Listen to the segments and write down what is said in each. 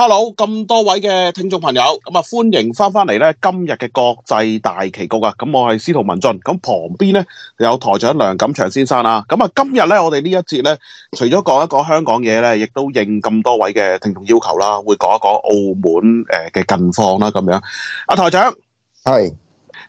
Hello，咁多位嘅聽眾朋友，咁啊歡迎翻翻嚟咧今日嘅國際大棋局啊，咁我係司徒文進，咁旁邊咧有台長梁錦祥先生啊，咁啊今日咧我哋呢一節咧，除咗講一講香港嘢咧，亦都應咁多位嘅聽眾要求啦，會講一講澳門誒嘅近況啦，咁樣，阿台長係，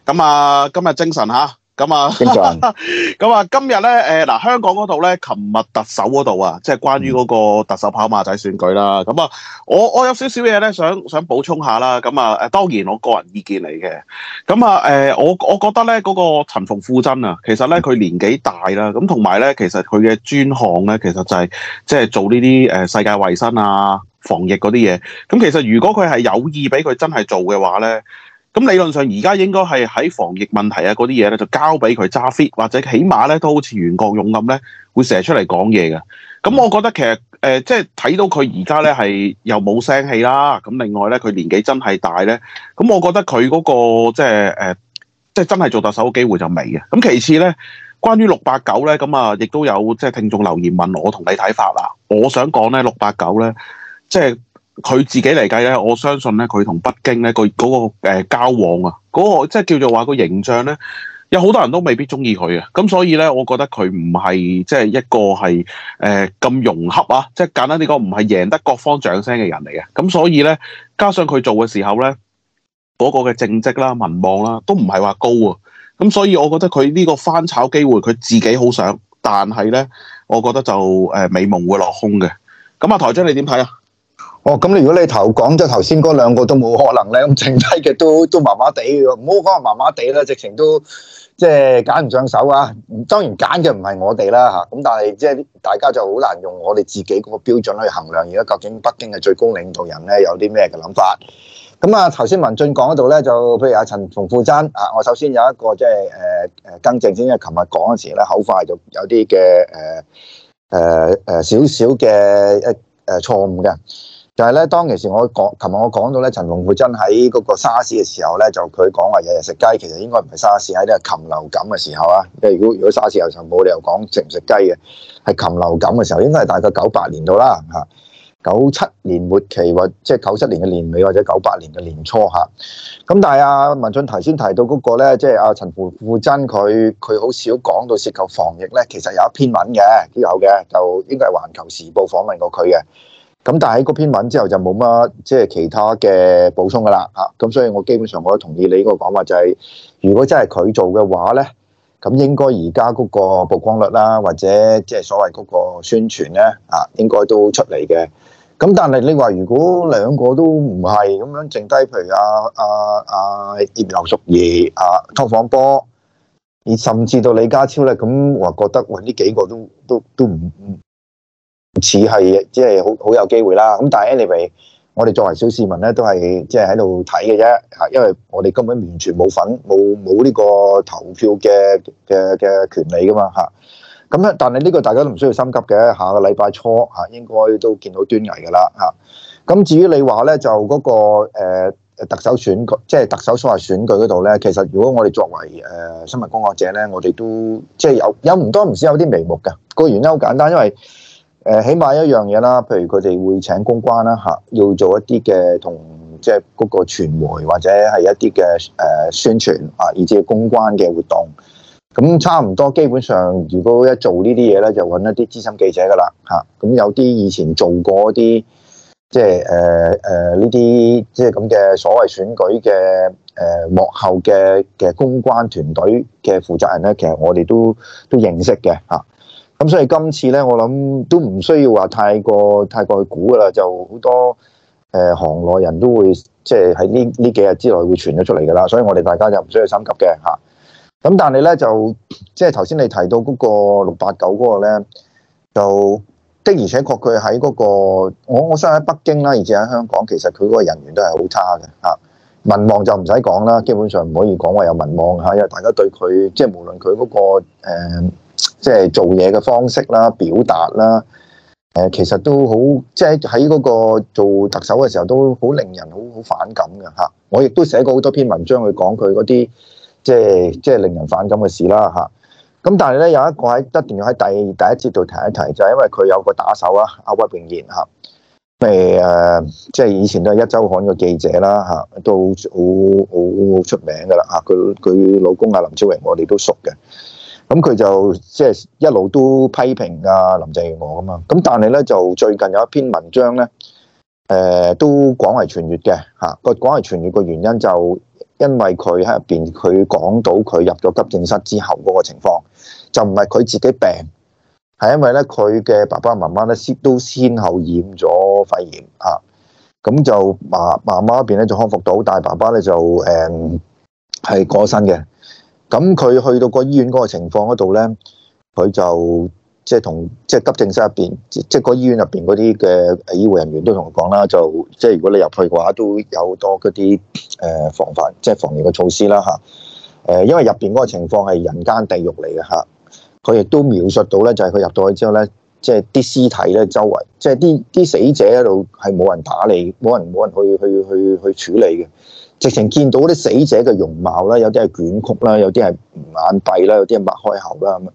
咁啊今日精神吓。咁、嗯、啊，咁啊，今日咧，嗱，香港嗰度咧，琴日特首嗰度啊，即係關於嗰個特首跑馬仔選舉啦。咁、嗯、啊，我我有少少嘢咧，想想補充下啦。咁啊，誒當然我個人意見嚟嘅。咁啊，誒我我覺得咧，嗰個陳馮富珍啊，其實咧佢年紀大啦，咁同埋咧，其實佢嘅專項咧，其實就係即係做呢啲世界衛生啊、防疫嗰啲嘢。咁其實如果佢係有意俾佢真係做嘅話咧。咁理論上而家應該係喺防疫問題啊嗰啲嘢咧，就交俾佢揸 fit，或者起碼咧都好似袁國勇咁咧，會成日出嚟講嘢嘅。咁我覺得其實誒、呃，即係睇到佢而家咧係又冇聲氣啦。咁另外咧，佢年紀真係大咧。咁我覺得佢嗰、嗰個即係誒，即係、呃、真係做特首嘅機會就未嘅。咁其次咧，關於六八九咧，咁啊亦都有即係聽眾留言問我同你睇法啦。我想講咧，六八九咧，即係。佢自己嚟計咧，我相信咧，佢同北京咧，佢嗰個交往啊，嗰、嗰個即係叫做話個形象咧，有好多人都未必中意佢啊。咁所以咧，我覺得佢唔係即係一個係誒咁融洽啊，即係簡單啲講，唔係贏得各方掌聲嘅人嚟嘅。咁所以咧，加上佢做嘅時候咧，嗰、嗰個嘅政績啦、民望啦，都唔係話高啊。咁所以，我覺得佢呢個翻炒機會，佢自己好想，但係咧，我覺得就、呃、美夢會落空嘅。咁啊，台長你點睇啊？哦，咁你如果你頭講咗頭先嗰兩個都冇可能咧，剩低嘅都都麻麻地嘅，唔好講話麻麻地啦，直情都即係揀唔上手啊！當然揀嘅唔係我哋啦嚇，咁但係即係大家就好難用我哋自己嗰個標準去衡量，而家究竟北京嘅最高領導人咧，有啲咩嘅諗法？咁啊，頭先文進講嗰度咧，就譬如阿陳馮富珍。啊，我首先有一個即係誒誒更正先，因為琴日講嗰時咧，口快就有啲嘅誒誒誒少少嘅一誒錯誤嘅。就係、是、咧，當其時我講，琴日我講到咧，陳馮富珍喺嗰個沙士嘅時候咧，就佢講話日日食雞，其實應該唔係沙士，喺係啲禽流感嘅時候啊。即係如果如果沙士又就冇理由講食唔食雞嘅，係禽流感嘅時候，應該係大概九八年到啦吓，九七年末期或即係九七年嘅年尾或者九八年嘅年初吓、啊。咁但係阿、啊、文俊頭先提到嗰個咧，即係阿陳馮富珍佢佢好少講到涉及防疫咧，其實有一篇文嘅都有嘅，就應該係環球時報訪問過佢嘅。咁但係喺嗰篇文之後就冇乜即係其他嘅補充噶啦嚇，咁所以我基本上我都同意你呢個講法就係，如果真係佢做嘅話咧，咁應該而家嗰個曝光率啦，或者即係所謂嗰個宣傳咧，啊，應該都出嚟嘅。咁但係你話如果兩個都唔係咁樣，剩低譬如阿阿阿葉劉淑儀啊、湯房波，而甚至到李家超咧，咁我覺得揾呢幾個都都都唔唔。似係即係好好有機會啦，咁但係 anyway 我哋作為小市民咧，都係即係喺度睇嘅啫嚇，因為我哋根本完全冇份冇冇呢個投票嘅嘅嘅權利噶嘛嚇，咁咧但係呢個大家都唔需要心急嘅，下個禮拜初嚇應該都見到端倪噶啦嚇，咁至於你話咧就嗰個特首選即係、就是、特首所謂選舉嗰度咧，其實如果我哋作為誒新聞工作者咧，我哋都即係、就是、有有唔多唔少有啲眉目嘅，個原因好簡單，因為誒，起碼一樣嘢啦，譬如佢哋會請公關啦嚇，要做一啲嘅同即係嗰個傳媒或者係一啲嘅誒宣傳啊，以至公關嘅活動。咁差唔多基本上，如果一做呢啲嘢咧，就搵一啲資深記者㗎啦嚇。咁有啲以前做過啲即係誒誒呢啲即係咁嘅所謂選舉嘅誒、呃、幕後嘅嘅公關團隊嘅負責人咧，其實我哋都都認識嘅嚇。咁所以今次咧，我諗都唔需要話太過太過去估噶啦，就好多誒、呃、行內人都會即係喺呢呢幾日之內會傳咗出嚟噶啦，所以我哋大家就唔需要心急嘅吓。咁、啊、但係咧就即係頭先你提到嗰個六八九嗰個咧，就的而且確佢喺嗰個我我相信喺北京啦，而且喺香港，其實佢嗰個人員都係好差嘅吓、啊。民望就唔使講啦，基本上唔可以講話有民望吓、啊，因為大家對佢即係無論佢嗰個誒。嗯即係做嘢嘅方式啦、表達啦，誒，其實都好，即係喺嗰個做特首嘅時候都好令人好好反感嘅嚇。我亦都寫過好多篇文章去講佢嗰啲即係即係令人反感嘅事啦嚇。咁但係咧有一個喺一定要喺第第一節度提一提，就係因為佢有個打手啊，阿屈穎妍嚇，誒誒，即係以前都係一周刊嘅記者啦嚇，都好出好好出名噶啦嚇。佢佢老公啊，林超榮，我哋都熟嘅。咁佢就即係一路都批評啊林鄭月娥咁啊，咁但係咧就最近有一篇文章咧，誒都廣為傳閱嘅嚇，個廣為傳閱個原因就因為佢喺入邊佢講到佢入咗急症室之後嗰個情況，就唔係佢自己病，係因為咧佢嘅爸爸媽媽咧先都先後染咗肺炎嚇，咁就媽媽媽嗰邊咧就康復到，但係爸爸咧就誒係、嗯、過身嘅。咁佢去到個醫院嗰個情況嗰度咧，佢就即係同即係急症室入邊，即係個醫院入邊嗰啲嘅醫護人員都同佢講啦，就即係如果你入去嘅話都有多嗰啲誒防範即係防疫嘅措施啦吓誒，因為入邊嗰個情況係人間地獄嚟嘅吓，佢亦都描述到咧，就係佢入到去之後咧，即係啲屍體咧周圍即係啲啲死者喺度係冇人打理，冇人冇人去去去去處理嘅。直情見到啲死者嘅容貌啦，有啲係捲曲啦，有啲係眼閉啦，有啲係擘開口啦咁。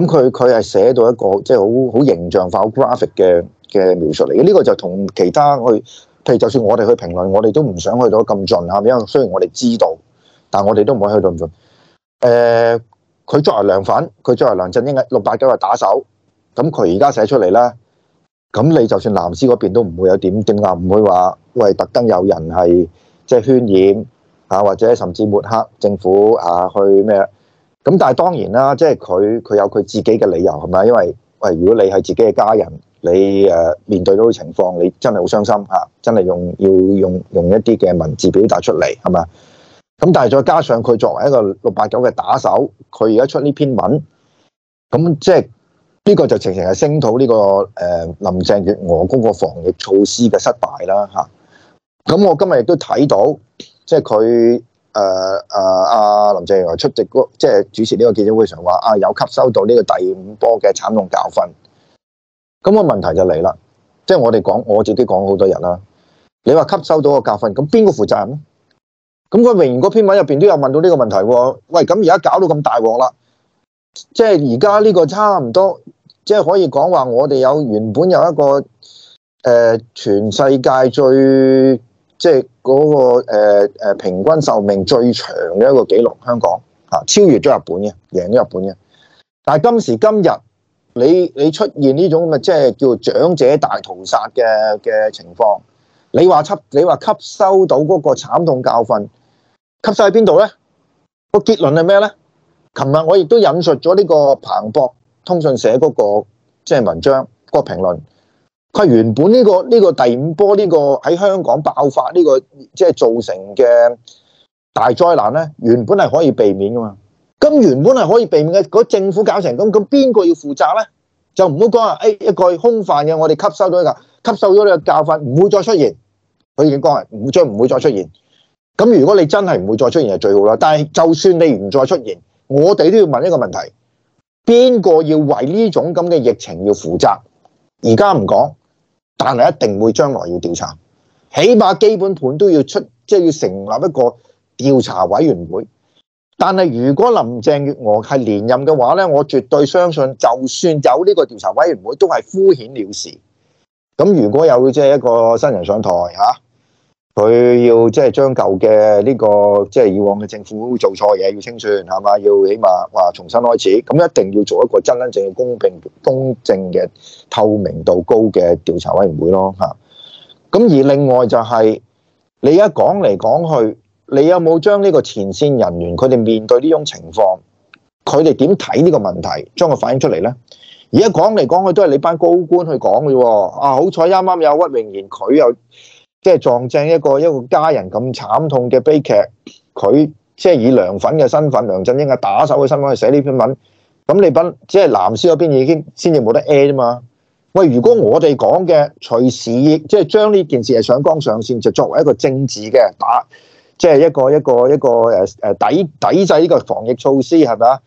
咁佢佢係寫到一個即係好好形象化、好 graphic 嘅嘅描述嚟嘅。呢、這個就同其他去，譬如就算我哋去評論，我哋都唔想去到咁盡，係咪？因為雖然我哋知道，但我哋都唔可以去到咁盡。誒、呃，佢作為梁粉，佢作為梁振英嘅六百幾個打手，咁佢而家寫出嚟啦。咁你就算藍絲嗰邊都唔會有點證啊，唔會話喂特登有人係。即係渲染嚇，或者甚至抹黑政府啊，去咩？咁但係當然啦，即係佢佢有佢自己嘅理由係咪？因為喂，如果你係自己嘅家人，你誒面對到嘅情況，你真係好傷心嚇、啊，真係用要用用一啲嘅文字表達出嚟係咪？咁但係再加上佢作為一個六八九嘅打手，佢而家出呢篇文，咁即係呢個就直情係聲討呢個誒林鄭月娥嗰個防疫措施嘅失敗啦嚇。啊咁我今日亦都睇到，即係佢誒誒，阿、呃啊、林鄭月娥出席即係、就是、主持呢個記者會上話啊，有吸收到呢個第五波嘅慘痛教訓。咁、那個問題就嚟啦，即、就、係、是、我哋講我自己講好多人啦。你話吸收到個教訓，咁邊個負責任咧？咁佢明嗰篇文入邊都有問到呢個問題。喂，咁而家搞到咁大鑊啦，即係而家呢個差唔多，即、就、係、是、可以講話我哋有原本有一個誒、呃，全世界最。即係嗰個誒、呃、平均壽命最長嘅一個記錄，香港嚇超越咗日本嘅，贏咗日本嘅。但係今時今日，你你出現呢種咁嘅即係叫長者大屠殺嘅嘅情況，你話吸你話吸收到嗰個慘痛教訓，吸曬喺邊度咧？個結論係咩咧？琴日我亦都引述咗呢個彭博通訊社嗰個即係、即係、文章、個評論。佢原本呢個呢個第五波呢個喺香港爆發呢個即係造成嘅大災難呢，原本係可以避免噶嘛？咁原本係可以避免嘅，嗰政府搞成咁，咁邊個要負責呢？就唔好講話，誒一個空泛嘅，我哋吸收咗一個，吸收咗呢個教訓，唔會再出現。佢已經講係唔會再唔會再出現。咁如果你真係唔會再出現，係最好啦。但係就算你唔再出現，我哋都要問一個問題：邊個要為呢種咁嘅疫情要負責？而家唔講。但係一定會將來要調查，起碼基本盤都要出，即係要成立一個調查委員會。但係如果林鄭月娥係連任嘅話呢，我絕對相信，就算有呢個調查委員會，都係敷衍了事。咁如果有即係一個新人上台吓，佢要即係將舊嘅呢個即係以往嘅政府做錯嘢要清算係嘛，要起碼話重新開始，咁一定要做一個真真正嘅公平、公正嘅透明度高嘅調查委員會咯吓。咁而另外就係你而家講嚟講去，你有冇將呢個前線人員佢哋面對呢種情況，佢哋點睇呢個問題，將佢反映出嚟呢？而家講嚟講去都係你班高官去講嘅啊，啊好彩啱啱有屈榮賢佢又。即係撞正一個一個家人咁慘痛嘅悲劇，佢即係以梁粉嘅身份、梁振英嘅打手嘅身份去寫呢篇文，咁你本即係藍絲嗰邊已經先至冇得 a 啊嘛。喂，如果我哋講嘅隨時即係將呢件事係上綱上線，就作為一個政治嘅打，即係一個一個一個誒誒抵抵制呢個防疫措施係咪啊？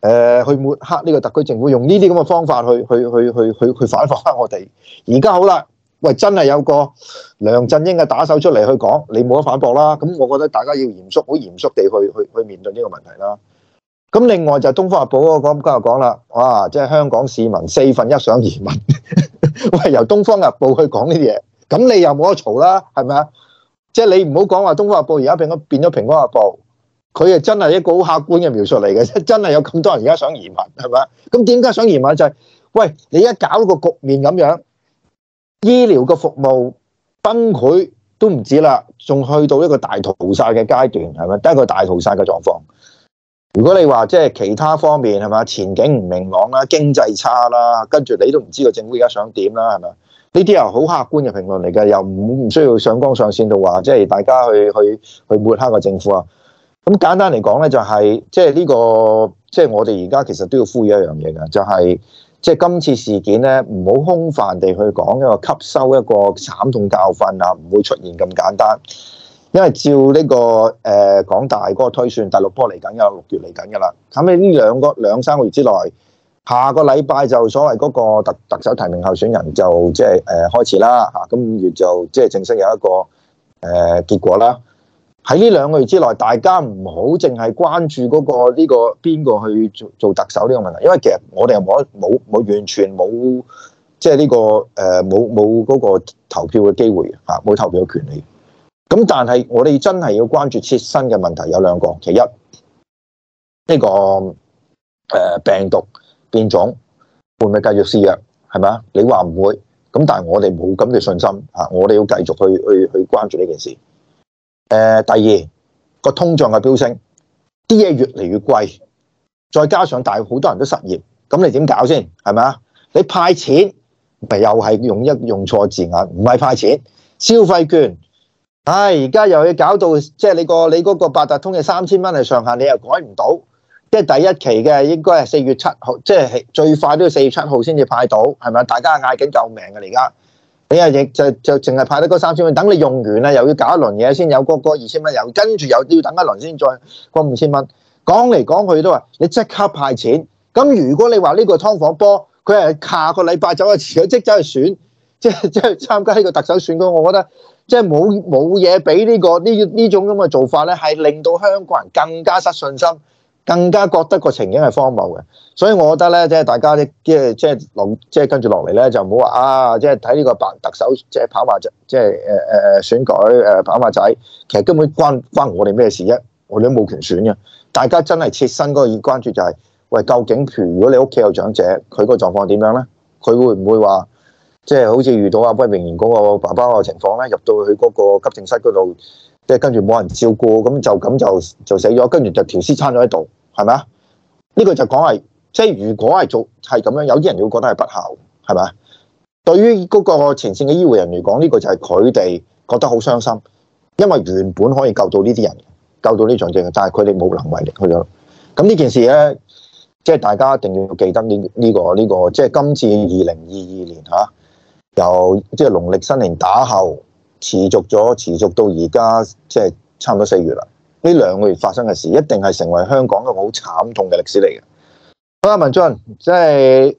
呃、去抹黑呢個特區政府用呢啲咁嘅方法去去去去去，去，去反駁翻我哋。而家好啦。喂，真係有個梁振英嘅打手出嚟去講，你冇得反駁啦。咁我覺得大家要嚴肅，好嚴肅地去去去面對呢個問題啦。咁另外就《東方日報》嗰個講家又講啦，哇，即係香港市民四分一想移民。喂， 由《東方日報》去講呢啲嘢，咁你又冇得嘈啦，係咪啊？即係你唔好講話《東方日報》而家變咗變咗《平安日報》，佢係真係一個好客觀嘅描述嚟嘅，真係係有咁多人而家想移民，係咪？咁點解想移民就係，喂，你一搞個局面咁樣。醫療嘅服務崩潰都唔止啦，仲去到一個大屠殺嘅階段，係咪？得一個大屠殺嘅狀況。如果你話即係其他方面係咪，前景唔明朗啦，經濟差啦，跟住，你都唔知個政府而家想點啦，係咪？呢啲又好客觀嘅評論嚟嘅，又唔唔需要上綱上線到話，即係大家去去去抹黑個政府啊。咁簡單嚟講呢，就係即係呢個，即係我哋而家其實都要呼籲一樣嘢嘅，就係。即係今次事件咧，唔好空泛地去講一個吸收一個慘痛教訓啊，唔會出現咁簡單。因為照呢個誒港大嗰個推算，第六波嚟緊，有六月嚟緊噶啦。咁你呢兩個兩三個月之內，下個禮拜就所謂嗰個特特首提名候選人就即係誒開始啦嚇，咁五月就即係正式有一個誒結果啦。喺呢兩個月之內，大家唔好淨係關注嗰個呢個邊個去做做特首呢個問題，因為其實我哋又冇冇冇完全冇即係呢個誒冇冇嗰個投票嘅機會啊，冇投票嘅權利。咁但係我哋真係要關注切身嘅問題有兩個，其一呢個誒病毒變種會唔會繼續肆虐？係咪啊？你話唔會，咁但係我哋冇咁嘅信心啊！我哋要繼續去去去關注呢件事。誒，第二個通脹嘅飆升，啲嘢越嚟越貴，再加上大好多人都失業，咁你點搞先？係咪啊？你派錢咪又係用一用錯字眼，唔係派錢，消費券，唉、哎，而家又要搞到即係、就是、你個你個八達通嘅三千蚊係上限，你又改唔到，即係第一期嘅應該係四月七號，即、就、係、是、最快都要四月七號先至派到，係咪啊？大家嗌緊救命啊！你而家。你又亦就就淨係派得嗰三千蚊，等你用完啦，又要搞一輪嘢先有嗰嗰二千蚊，又跟住又要等一輪先再嗰五千蚊。講嚟講去都話你即刻派錢。咁如果你話呢個劏房波，佢係下個禮拜走去佢即走去選，即即係參加呢個特首選舉，我覺得即係冇冇嘢俾呢個呢呢種咁嘅做法咧，係令到香港人更加失信心。更加覺得個情景係荒謬嘅，所以我覺得咧，即係大家咧，即係即係落，即係跟住落嚟咧，就唔好話啊！即係睇呢個扮特首，即係跑馬仔，即係誒誒選舉誒跑馬仔，其實根本關關我哋咩事啫？我哋都冇權選嘅。大家真係切身嗰個關注就係：喂，究竟如果你屋企有長者，佢嗰個狀況點樣咧？佢會唔會話即係好似遇到阿威明言個爸爸個情況咧？入到去嗰個急症室嗰度，即係跟住冇人照顧，咁就咁就就死咗，跟住就條屍撐咗喺度。係咪啊？呢個就講係，即係如果係做係咁樣，有啲人會覺得係不孝，係咪啊？對於嗰個前綫嘅醫護人員講，呢個就係佢哋覺得好傷心，因為原本可以救到呢啲人，救到呢場症，但係佢哋冇能為力去咗。咁呢件事呢，即係大家一定要記得呢呢個呢個，即係今次二零二二年吓，由即係農曆新年打後持續咗，持續到而家即係差唔多四月啦。呢兩個月發生嘅事，一定係成為香港一個好慘痛嘅歷史嚟嘅。好啊，文進，即係，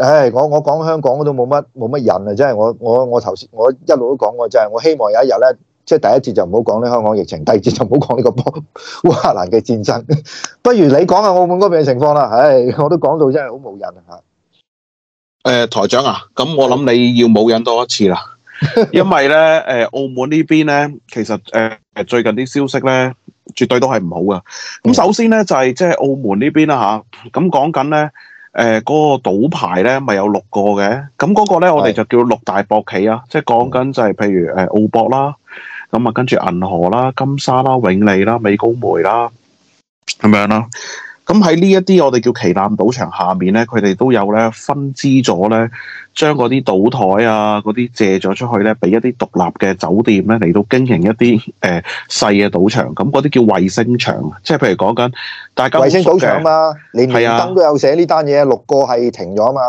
唉，我我講香港都冇乜冇乜癮啊！即係，我我我頭先我一路都講過，就係我希望有一日咧，即係第一節就唔好講呢香港疫情，第二節就唔好講呢個波烏克蘭嘅戰爭。不如你講下澳門嗰邊嘅情況啦。唉，我都講到真係好冇癮啊！嚇，誒台長啊，咁我諗你要冇癮多一次啦。 因為咧，誒，澳門這邊呢邊咧，其實誒、呃，最近啲消息咧，絕對都係唔好噶。咁首先咧，就係即係澳門這邊、啊、呢邊啦吓。咁講緊咧，誒、那個，嗰個賭牌咧，咪有六個嘅。咁嗰個咧，我哋就叫六大博企啊。即係講緊就係、就是，譬如誒澳博啦，咁啊跟住銀河啦、金沙啦、永利啦、美高梅啦，咁樣啦。咁喺呢一啲我哋叫旗艦賭場下面咧，佢哋都有咧分支咗咧，將嗰啲賭台啊嗰啲借咗出去咧，俾一啲獨立嘅酒店咧嚟到經營一啲誒、呃、細嘅賭場，咁嗰啲叫衛星場，即係譬如講緊大家，衛星賭場啊嘛，你連登都有寫呢單嘢，六個係停咗啊嘛。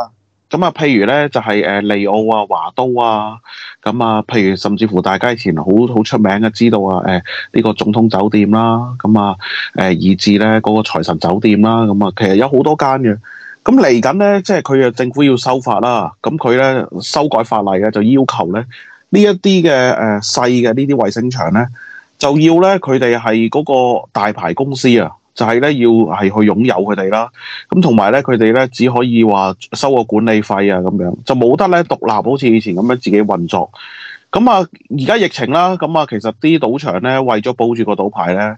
咁啊，譬如咧就係誒利澳啊、華都啊，咁啊，譬如甚至乎大家以前好好出名嘅知道啊，誒、這、呢個總統酒店啦，咁啊誒，以至咧嗰個財神酒店啦，咁啊，其實有好多間嘅。咁嚟緊咧即係佢啊政府要修法啦，咁佢咧修改法例啊，就要求咧呢一啲嘅誒細嘅呢啲衛星場咧就要咧佢哋係嗰個大牌公司啊。就係咧，要係去擁有佢哋啦。咁同埋咧，佢哋咧只可以話收個管理費啊，咁樣就冇得咧獨立，好似以前咁樣自己運作。咁啊，而家疫情啦，咁啊，其實啲賭場咧為咗保住個賭牌咧，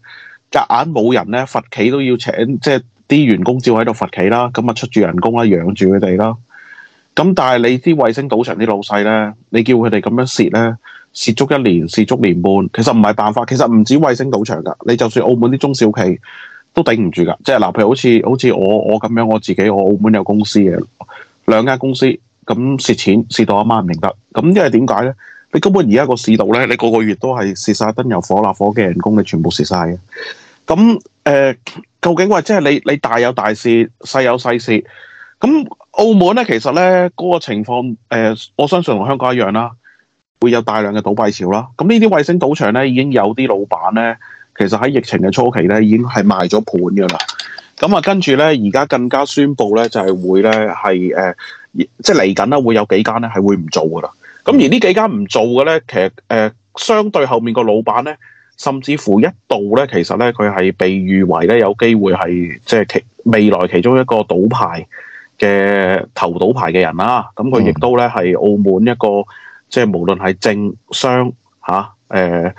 夾硬冇人咧，罰企都要請，即係啲員工照喺度罰企啦。咁啊，出住人工啦，養住佢哋啦。咁但係你啲衛星賭場啲老細咧，你叫佢哋咁樣蝕咧，蝕足一年，蝕足年半，其實唔係辦法。其實唔止衛星賭場噶，你就算澳門啲中小企，都頂唔住噶，即係嗱，譬如好似好似我我咁樣，我自己我澳門有公司嘅兩間公司，咁蝕錢蝕到阿媽唔認得。咁因為點解咧？你根本而家個市道咧，你個個月都係蝕晒燈油火蠟火嘅人工，你全部蝕晒嘅。咁誒、呃，究竟話即係你你大有大蝕，細有細蝕。咁澳門咧，其實咧嗰、那個情況誒、呃，我相信同香港一樣啦，會有大量嘅倒閉潮啦。咁呢啲衛星賭場咧，已經有啲老闆咧。其實喺疫情嘅初期咧，已經係賣咗盤噶啦。咁啊，跟住咧，而家更加宣佈咧，就係會咧係誒，即係嚟緊啦，會有幾間咧係會唔做噶啦。咁而呢幾間唔做嘅咧，其實誒，相對後面個老闆咧，甚至乎一度咧，其實咧佢係被譽為咧有機會係即係其未來其中一個賭牌嘅投賭牌嘅人啦。咁佢亦都咧係澳門一個即係無論係政商吓誒。啊呃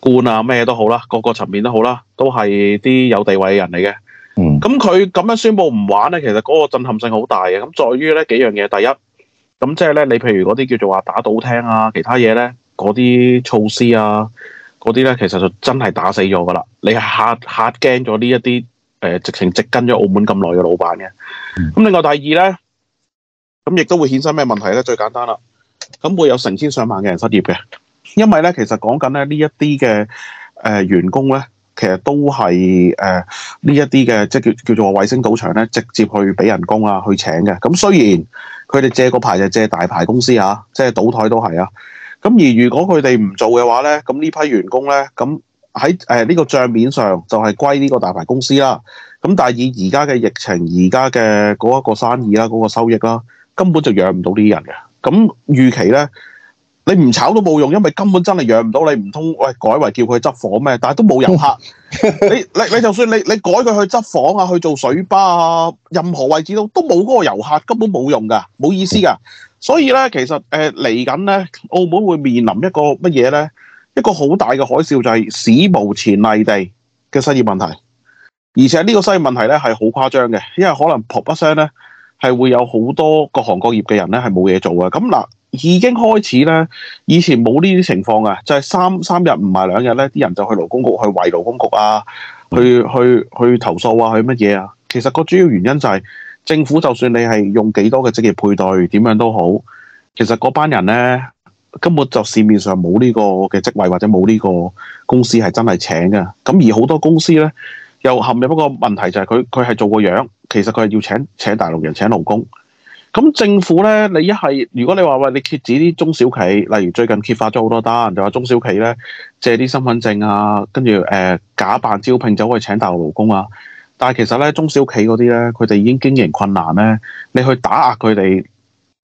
官啊，咩都好啦，各個層面都好啦，都係啲有地位嘅人嚟嘅。嗯，咁佢咁樣宣布唔玩咧，其實嗰個震撼性好大嘅。咁在於咧幾樣嘢，第一，咁即係咧，你譬如嗰啲叫做話打賭廳啊，其他嘢咧，嗰啲措施啊，嗰啲咧，其實就真係打死咗噶啦。你係吓吓驚咗呢一啲，誒、呃，直情直跟咗澳門咁耐嘅老闆嘅。咁、嗯、另外第二咧，咁亦都會衍生咩問題咧？最簡單啦，咁會有成千上萬嘅人失業嘅。因為咧，其實講緊咧呢一啲嘅誒員工咧，其實都係誒呢一啲嘅，即係叫叫做衛星賭場咧，直接去俾人工啊，去請嘅。咁、嗯、雖然佢哋借個牌就借大牌公司啊即係賭台都係啊。咁、啊、而如果佢哋唔做嘅話咧，咁呢批員工咧，咁喺誒呢個帳面上就係歸呢個大牌公司啦。咁、啊、但係以而家嘅疫情，而家嘅嗰一個生意啦，嗰、嗰個收益啦，根本就養唔到啲人嘅。咁、啊、預期咧。你唔炒都冇用，因為根本真係養唔到你。唔通喂，改為叫佢執房咩？但係都冇遊客。 你你就算你你改佢去執房啊，去做水吧啊，任何位置都都冇嗰個遊客，根本冇用㗎，冇意思㗎。所以咧，其實嚟緊咧，澳門會面臨一個乜嘢咧？一個好大嘅海嘯就係、是、史無前例地嘅失業問題，而且呢個失業問題咧係好誇張嘅，因為可能卜不聲咧係會有好多各行各業嘅人咧係冇嘢做嘅。咁嗱。已經開始咧，以前冇呢啲情況啊，就係、是、三三日唔係兩日咧，啲人就去勞工局去圍勞工局啊，去去去投訴啊，去乜嘢啊？其實個主要原因就係、是、政府就算你係用幾多嘅職業配對點樣都好，其實嗰班人咧根本就市面上冇呢個嘅職位或者冇呢個公司係真係請㗎。咁而好多公司咧又陷入一個問題就係佢佢係做個樣，其實佢係要請請大陸人請勞工。咁政府咧，你一係如果你話，喂，你揭止啲中小企，例如最近揭發咗好多單，人就話中小企咧借啲身份證啊，跟住誒假扮招聘走去請大陸勞工啊，但係其實咧中小企嗰啲咧，佢哋已經經營困難咧，你去打壓佢哋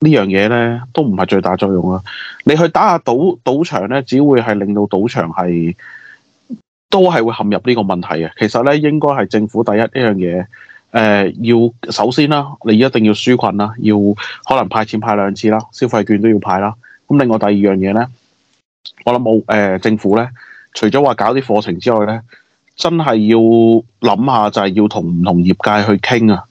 呢樣嘢咧，都唔係最大作用啊！你去打壓賭賭場咧，只會係令到賭場係都係會陷入呢個問題啊！其實咧，應該係政府第一呢樣嘢。誒，要首先啦，你一定要紓困啦，要可能派錢派兩次啦，消費券都要派啦。咁另外第二樣嘢咧，我諗冇誒，政府咧，除咗話搞啲課程之外咧，真係要諗下就係要同唔同業界去傾啊。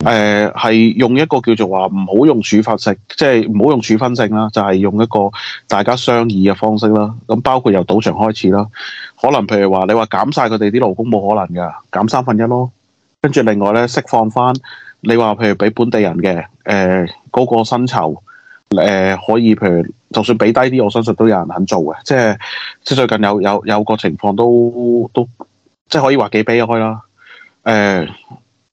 誒，係用一個叫做話唔好用處罰性，即係唔好用處分性啦，就係用一個大家商議嘅方式啦。咁包括由賭場開始啦，可能譬如話你話減晒佢哋啲勞工冇可能噶，減三分一咯。跟住另外咧，釋放翻你話，譬如俾本地人嘅，誒、呃、嗰、那個薪酬，誒、呃、可以，譬如就算俾低啲，我相信都有人肯做嘅。即係即係最近有有有個情況都，都都即係可以話幾悲哀啦。誒、呃，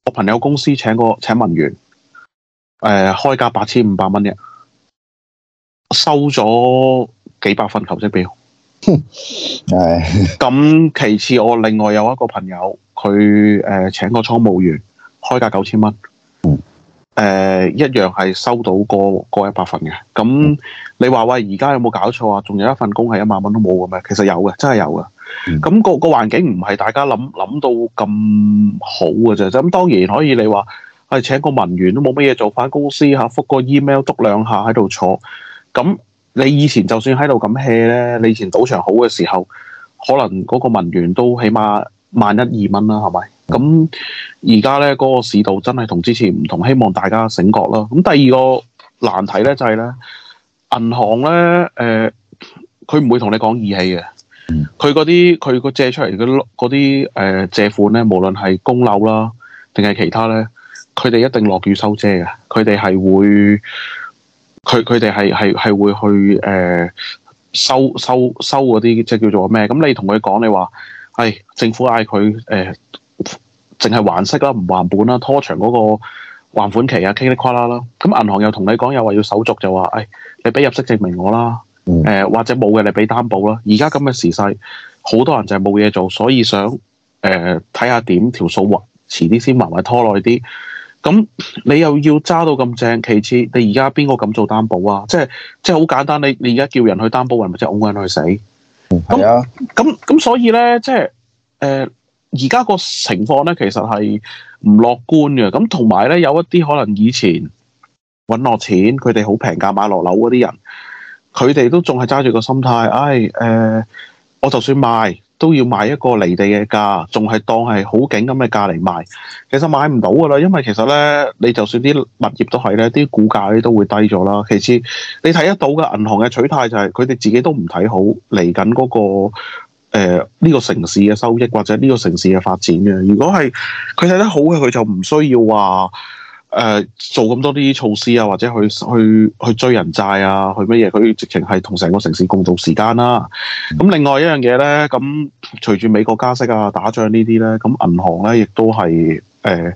我朋友公司請個請文員，誒、呃、開價八千五百蚊嘅，收咗幾百份求職表。係咁，其次我另外有一個朋友。佢誒、呃、請個倉務員，開價九千蚊，嗯、呃，一樣係收到過過一百份嘅。咁你話喂，而家有冇搞錯啊？仲有一份工係一萬蚊都冇嘅咩？其實有嘅，真係有嘅。咁、嗯，嗰個個環境唔係大家諗諗到咁好嘅啫。咁當然可以你話，你話係請個文員都冇乜嘢做，翻公司吓，覆個 email 篤兩下喺度坐。咁你以前就算喺度咁 hea 咧，你以前賭場好嘅時候，可能嗰個文員都起碼～萬一二蚊啦，係咪？咁而家咧，嗰、那個市道真係同之前唔同，希望大家醒覺啦。咁第二個難題咧就係、是、咧，銀行咧，誒、呃，佢唔會同你講義氣嘅，佢嗰啲佢個借出嚟嗰啲誒借款咧，無論係供樓啦，定係其他咧，佢哋一定落雨收遮嘅，佢哋係會，佢佢哋係係係會去誒、呃、收收收嗰啲，即係叫做咩？咁你同佢講，你話。係、哎、政府嗌佢，誒、呃，淨係還息啦、啊，唔還本啦、啊，拖長嗰個還款期啊，傾力垮啦啦。咁銀行又同你講，又話要手續就，就話，誒，你俾入息證明我啦，誒、呃，或者冇嘅你俾擔保啦。而家咁嘅時勢，好多人就係冇嘢做，所以想，誒、呃，睇下點條數，遲啲先慢慢拖耐啲。咁你又要揸到咁正，其次你而家邊個敢做擔保啊？即係即係好簡單，你你而家叫人去擔保，係咪即係㧬人去死？係咁咁所以咧，即係誒，而家個情況咧，其實係唔樂觀嘅。咁同埋咧，有一啲可能以前揾落錢，佢哋好平價買落樓嗰啲人，佢哋都仲係揸住個心態，唉、哎，誒、呃，我就算賣。都要買一個離地嘅價，仲係當係好景咁嘅價嚟賣，其實買唔到噶啦，因為其實咧，你就算啲物業都係咧，啲股價都會低咗啦。其次，你睇得到嘅銀行嘅取態就係佢哋自己都唔睇好嚟緊嗰個誒呢、呃這個城市嘅收益或者呢個城市嘅發展嘅。如果係佢睇得好嘅，佢就唔需要話。誒、呃，做咁多啲措施啊，或者去去去追人債啊，去乜嘢？佢直情係同成個城市共渡時艱啦，啊。咁另外一樣嘢咧，咁隨住美國加息啊、打仗呢啲咧，咁銀行咧亦都係誒、呃，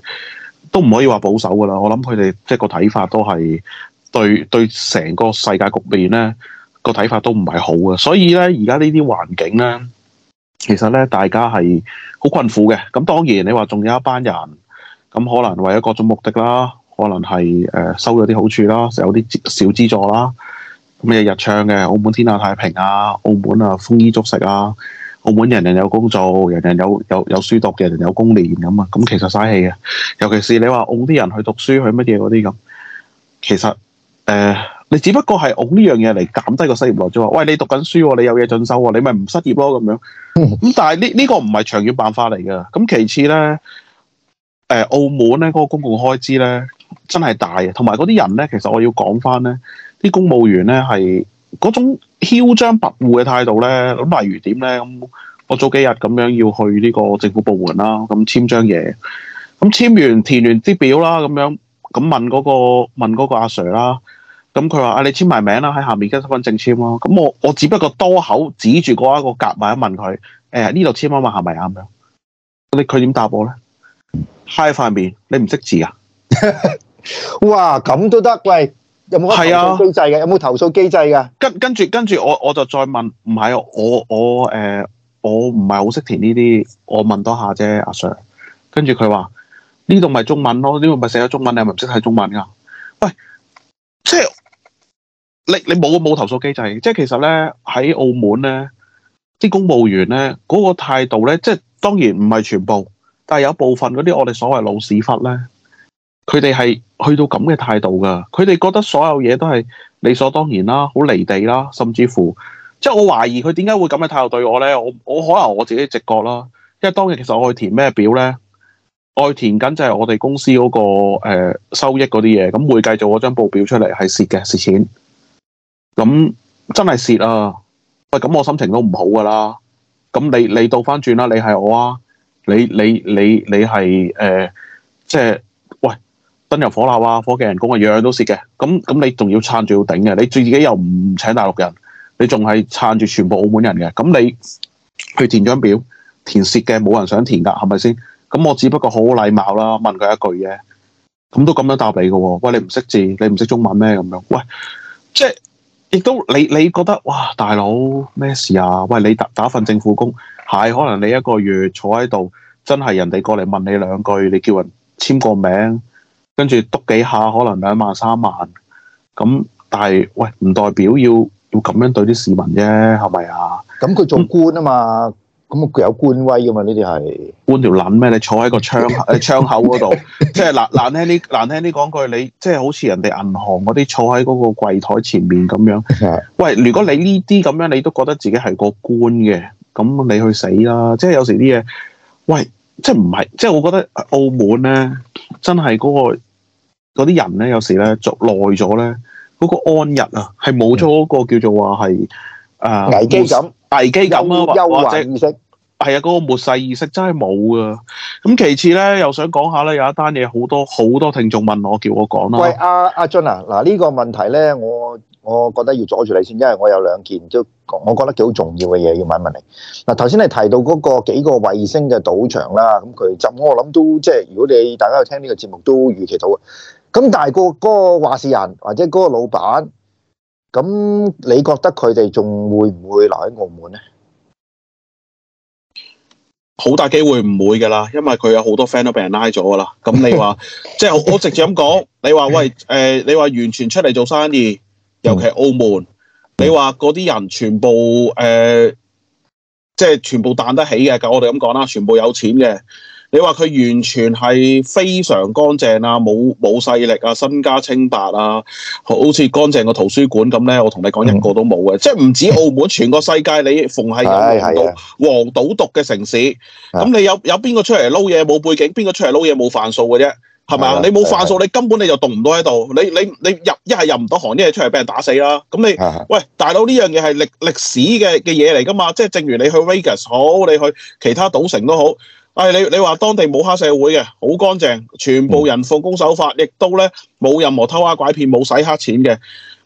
都唔可以話保守噶啦。我諗佢哋即係個睇法都係對對成個世界局面咧個睇法都唔係好嘅。所以咧，而家呢啲環境咧，其實咧大家係好困苦嘅。咁當然，你話仲有一班人。咁可能為咗各種目的啦，可能係誒收咗啲好處啦，有啲小資助啦，咩日唱嘅澳門天下太平啊，澳門啊豐衣足食啊，澳門人人有工作，人人有有有書讀，人人有工年咁啊，咁其實嘥氣嘅，尤其是你話澳啲人去讀書去乜嘢嗰啲咁，其實誒、呃、你只不過係澳呢樣嘢嚟減低個失業率啫喎，喂你讀緊書你有嘢進修喎，你咪唔失業咯咁樣，咁但係呢呢個唔係長遠辦法嚟嘅。咁其次咧。誒、呃，澳門咧嗰、那個公共開支咧真係大啊，同埋嗰啲人咧，其實我要講翻咧，啲公務員咧係嗰種囂張跋扈嘅態度咧，咁例如點咧？咁我早幾日咁樣要去呢個政府部門啦，咁簽張嘢，咁簽完填完啲表啦，咁樣咁問嗰、那個問嗰個阿 Sir 啦，咁佢話啊，你簽埋名啦，喺下面跟身份證簽啦、啊，咁我我只不過多口指住嗰一個夾埋一問佢，誒呢度簽啊嘛係咪啱咁樣？你佢點答我咧？嗨塊面，你唔識字啊？哇，咁都得喂？有冇投訴機制嘅？有冇投訴機制噶？跟跟住跟住，我我就再問，唔係我我誒，我唔係好識填呢啲，我問多下啫，阿 Sir。跟住佢話呢度咪中文咯，呢度咪寫咗中文，你係咪唔識睇中文噶？喂，即係你你冇冇投訴機制？即係其實咧喺澳門咧，啲公務員咧嗰個態度咧，即係當然唔係全部。但係有部分嗰啲我哋所謂老屎忽咧，佢哋係去到咁嘅態度噶，佢哋覺得所有嘢都係理所當然啦，好離地啦，甚至乎即係、就是、我懷疑佢點解會咁嘅態度對我咧？我我可能我自己直覺啦，因為當日其實我去填咩表咧，我去填緊就係我哋公司嗰、嗰個誒、呃、收益嗰啲嘢，咁會計做嗰張報表出嚟係蝕嘅蝕錢，咁真係蝕啊！喂，咁我心情都唔好噶啦，咁你你倒翻轉啦，你係我啊！你你你你係誒、呃，即係喂燈油火蠟啊，火嘅人工啊，樣樣都蝕嘅。咁咁你仲要撐住要頂嘅，你自己又唔請大陸的人，你仲係撐住全部澳門人嘅。咁你去填張表，填蝕嘅，冇人想填噶，係咪先？咁我只不過好禮貌啦，問佢一句啫。咁都咁樣答你嘅喎，喂，你唔識字，你唔識中文咩咁樣？喂，即係。亦都你你覺得哇大佬咩事啊？喂你打打份政府工係可能你一個月坐喺度，真係人哋過嚟問你兩句，你叫人簽個名，跟住篤幾下，可能兩萬三萬。咁但係喂唔代表要要咁樣對啲市民啫，係咪啊？咁佢做官啊嘛、嗯。咁佢有官威噶嘛？呢啲係官條撚咩？你坐喺個窗誒 窗口嗰度，即係難難聽啲難聽啲講句，你即係、就是、好似人哋銀行嗰啲坐喺嗰個櫃枱前面咁樣。係。喂，如果你呢啲咁樣，你都覺得自己係個官嘅，咁你去死啦！即、就、係、是、有時啲嘢，喂，即係唔係？即係我覺得澳門咧，真係嗰、那個嗰啲人咧，有時咧做耐咗咧，嗰、那個安逸啊，係冇咗嗰個叫做話係誒危機感、危機感啊。係啊，嗰、嗰個末世意識真係冇啊！咁其次咧，又想講下咧，有一單嘢好多好多聽眾問我，叫我講啦。喂，阿、啊、阿、啊、俊啊，嗱、啊、呢、呢個問題咧，我我覺得要阻住你先，因為我有兩件都我覺得幾好重要嘅嘢要問一問你。嗱頭先你提到嗰個幾個衞星嘅賭場啦，咁佢執我諗都即係如果你大家有聽呢個節目都預期到啊。咁但係、嗰個嗰、嗰個話事人或者嗰個老闆，咁你覺得佢哋仲會唔會留喺澳門咧？好大機會唔會噶啦，因為佢有好多 friend 都俾人拉咗噶啦。咁你話 即係我直接咁講，你話喂誒、呃，你話完全出嚟做生意，尤其係澳門，你話嗰啲人全部誒、呃，即係全部彈得起嘅，我哋咁講啦，全部有錢嘅。你話佢完全係非常乾淨啊，冇冇勢力啊，身家清白啊，好似乾淨個圖書館咁咧，我同你講一個都冇嘅，即係唔止澳門， 全個世界你逢係有呢黃賭毒嘅城市，咁、哎、你有有邊個出嚟撈嘢冇背景？邊個出嚟撈嘢冇犯數嘅啫？係咪啊？你冇犯數，你根本你就動唔到喺度，你你你入一係入唔到行，一係出嚟俾人打死啦。咁你是喂大佬呢樣嘢係歷歷史嘅嘅嘢嚟㗎嘛？即係正如你去 Vegas 好，你去其他賭城都好。哎，你你話當地冇黑社會嘅，好乾淨，全部人奉公守法，亦都咧冇任何偷呃拐騙，冇洗黑錢嘅，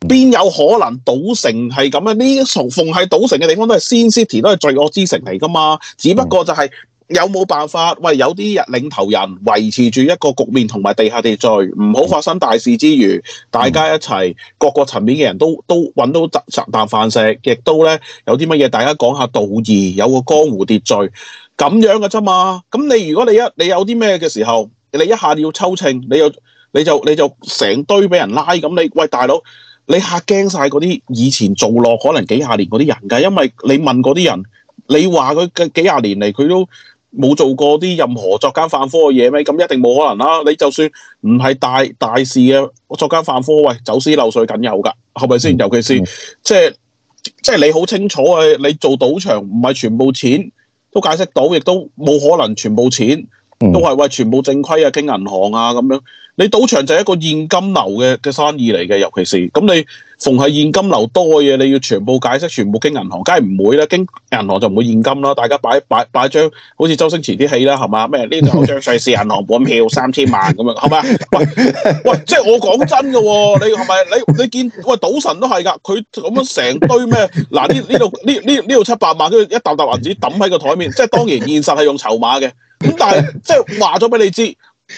邊有可能賭城係咁樣？呢啲凡凡係賭城嘅地方都係 Sin City，都係罪惡之城嚟㗎嘛？只不過就係有冇辦法？喂，有啲領領頭人維持住一個局面同埋地下秩序，唔好發生大事之餘，大家一齊各個層面嘅人都都揾到集集啖飯食，亦都咧有啲乜嘢？大家講下道義，有個江湖秩序。咁樣嘅啫嘛，咁你如果你一你有啲咩嘅時候，你一下要抽秤，你又你就你就成堆俾人拉咁你，喂大佬，你嚇驚晒嗰啲以前做落可能幾廿年嗰啲人㗎，因為你問嗰啲人，你話佢幾幾廿年嚟佢都冇做過啲任何作奸犯科嘅嘢咩？咁一定冇可能啦！你就算唔係大大事嘅作奸犯科，喂，走私漏稅梗有㗎，係咪先？尤其是即係即係你好清楚啊！你做賭場唔係全部錢。都解釋到，亦都冇可能全部錢。都係喂，全部正規啊，經銀行啊咁樣。你賭場就係一個現金流嘅嘅生意嚟嘅，尤其是咁你逢係現金流多嘅嘢，你要全部解釋，全部經銀行，梗係唔會啦。經銀行就唔會現金啦。大家擺擺擺張，好似周星馳啲戲啦，係嘛咩，呢度有張瑞士銀行本票三千萬咁樣，係咪？喂喂，即係我講真噶哦，你係咪你你見喂賭神都係噶，佢咁樣成堆咩，嗱呢呢度呢呢呢度七百萬跟住一沓沓銀紙抌喺個台面，即係當然現實係用籌碼嘅。咁 但係即係話咗俾你知，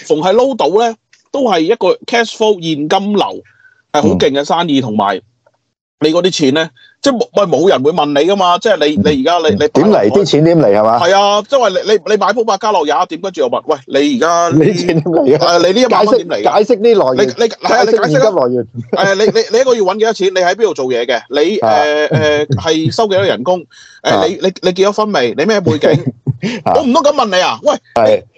逢係撈到咧，都係一個 cash flow 現金流係好勁嘅生意，同、嗯、埋你嗰啲錢咧，即係冇冇人會問你噶嘛？即係你你而家，你你點嚟啲錢點嚟係嘛？係啊，即、就、係、是、你你你買鋪百家樂也點，跟住又問喂，你而家你錢點嚟啊？你呢一萬點嚟？解釋啲來源你你係啊？你解釋啲來源。誒，你你你，你一個月搵幾多錢？你喺邊度做嘢嘅？你誒誒係收幾多人工？誒、 呃，你你你結咗婚未？你咩背景？ 我唔通咁問你啊？喂，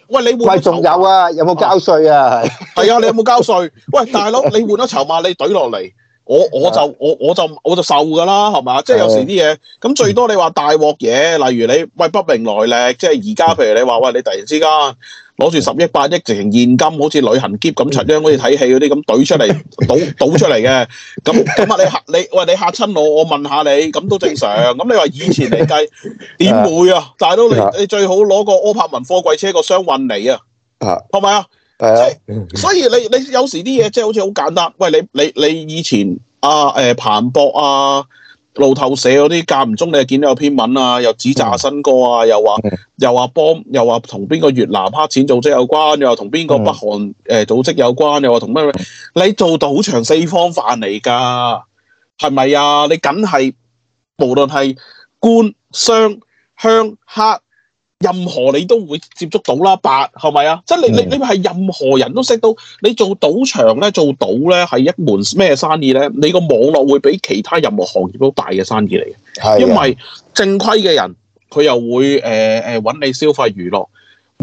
喂，你換咗？喂，仲有啊？有冇交稅啊？係 係啊，你有冇交稅？ 喂，大佬，你換咗籌碼，你懟落嚟，我我就 我我就我就，我就受噶啦，係嘛？即係有時啲嘢咁最多你話大鑊嘢，例如你喂不明來歷，即係而家譬如你話喂，你突然之間。攞住十億、八億，直情現金，好似旅行篋咁，出樣，好似睇戲嗰啲咁，懟出嚟，倒 賭出嚟嘅。咁咁啊，你吓你，喂，你吓親我，我問下你，咁都正常。咁你話以前嚟計，點會啊？大佬，啊，但你，啊，你最好攞個柯柏文貨櫃車個箱運嚟啊，係咪啊？係，啊啊，所以你你有時啲嘢即係好似好簡單。喂，你你你以前啊，誒，呃，彭博啊。路透社嗰啲間唔中，你又見到有篇文啊，又指責新哥啊，又話又話幫，又話同邊個越南黑錢組織有關，又話同邊個北韓誒、欸、組織有關，又話同咩？你做到好長四方飯嚟㗎，係咪啊？你梗係無論係官、商、鄉、黑。任何你都會接觸到啦，八係咪啊？即係、嗯、你你你係任何人都識到。你做賭場咧，做賭咧係一門咩生意咧？你個網絡會比其他任何行業都大嘅生意嚟嘅，的因為正規嘅人佢又會誒、呃、揾你消費娛樂，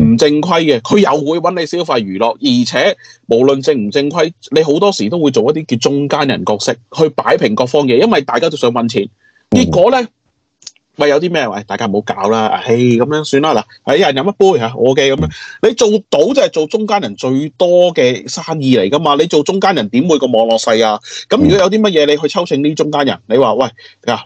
唔正規嘅佢又會揾你消費娛樂，而且無論正唔正規，你好多時都會做一啲叫中間人角色去擺平各方嘢，因為大家都想揾錢，結果咧。嗯咪有啲咩？喂，大家唔好搞啦！唉，咁樣算啦。嗱、哎，一人飲一杯吓，我嘅咁樣。你做到就係做中間人最多嘅生意嚟噶嘛？你做中間人點會個網絡細啊？咁如果有啲乜嘢，你去抽成呢中間人？你話喂，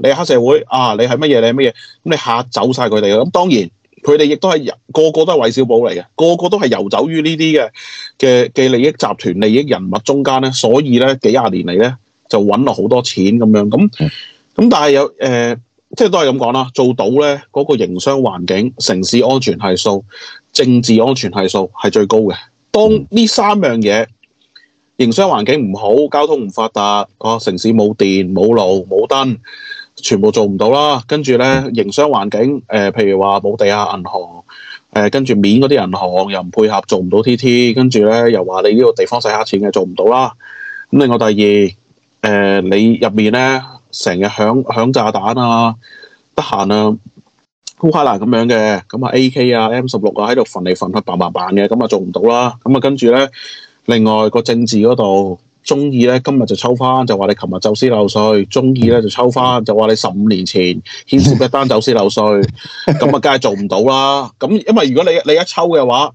你黑社會啊，你係乜嘢？你係乜嘢？咁你嚇走晒佢哋。咁當然，佢哋亦都係個個都係韋小寶嚟嘅，個個都係遊走於呢啲嘅嘅嘅利益集團、利益人物中間咧。所以咧，幾廿年嚟咧就揾落好多錢咁樣。咁咁，但係有、呃即係都係咁講啦，做到呢嗰個營商環境、城市安全係數、政治安全係數係最高嘅。當呢三樣嘢營商環境唔好，交通唔發達，城市冇電、冇路、冇燈，全部做唔到啦。跟住呢營商環境，誒、呃，譬如話冇地下銀行，誒、呃，跟住免嗰啲銀行又唔配合，做唔到 T T。跟住呢又話你呢個地方洗黑錢嘅，做唔到啦。咁另外第二，誒、呃，你入面呢。成日響響炸彈啊，得閒啊，烏克蘭咁樣嘅，咁啊 A K 啊 M 十六啊喺度焚嚟焚去，扮扮扮嘅，咁啊做唔到啦。咁啊跟住咧，另外個政治嗰度，中意咧今日就抽翻，就話你琴日走私漏稅；中意咧就抽翻，就話你十五年前牽涉一單走私漏稅。咁 啊，梗係做唔到啦。咁因為如果你你一抽嘅話，誒、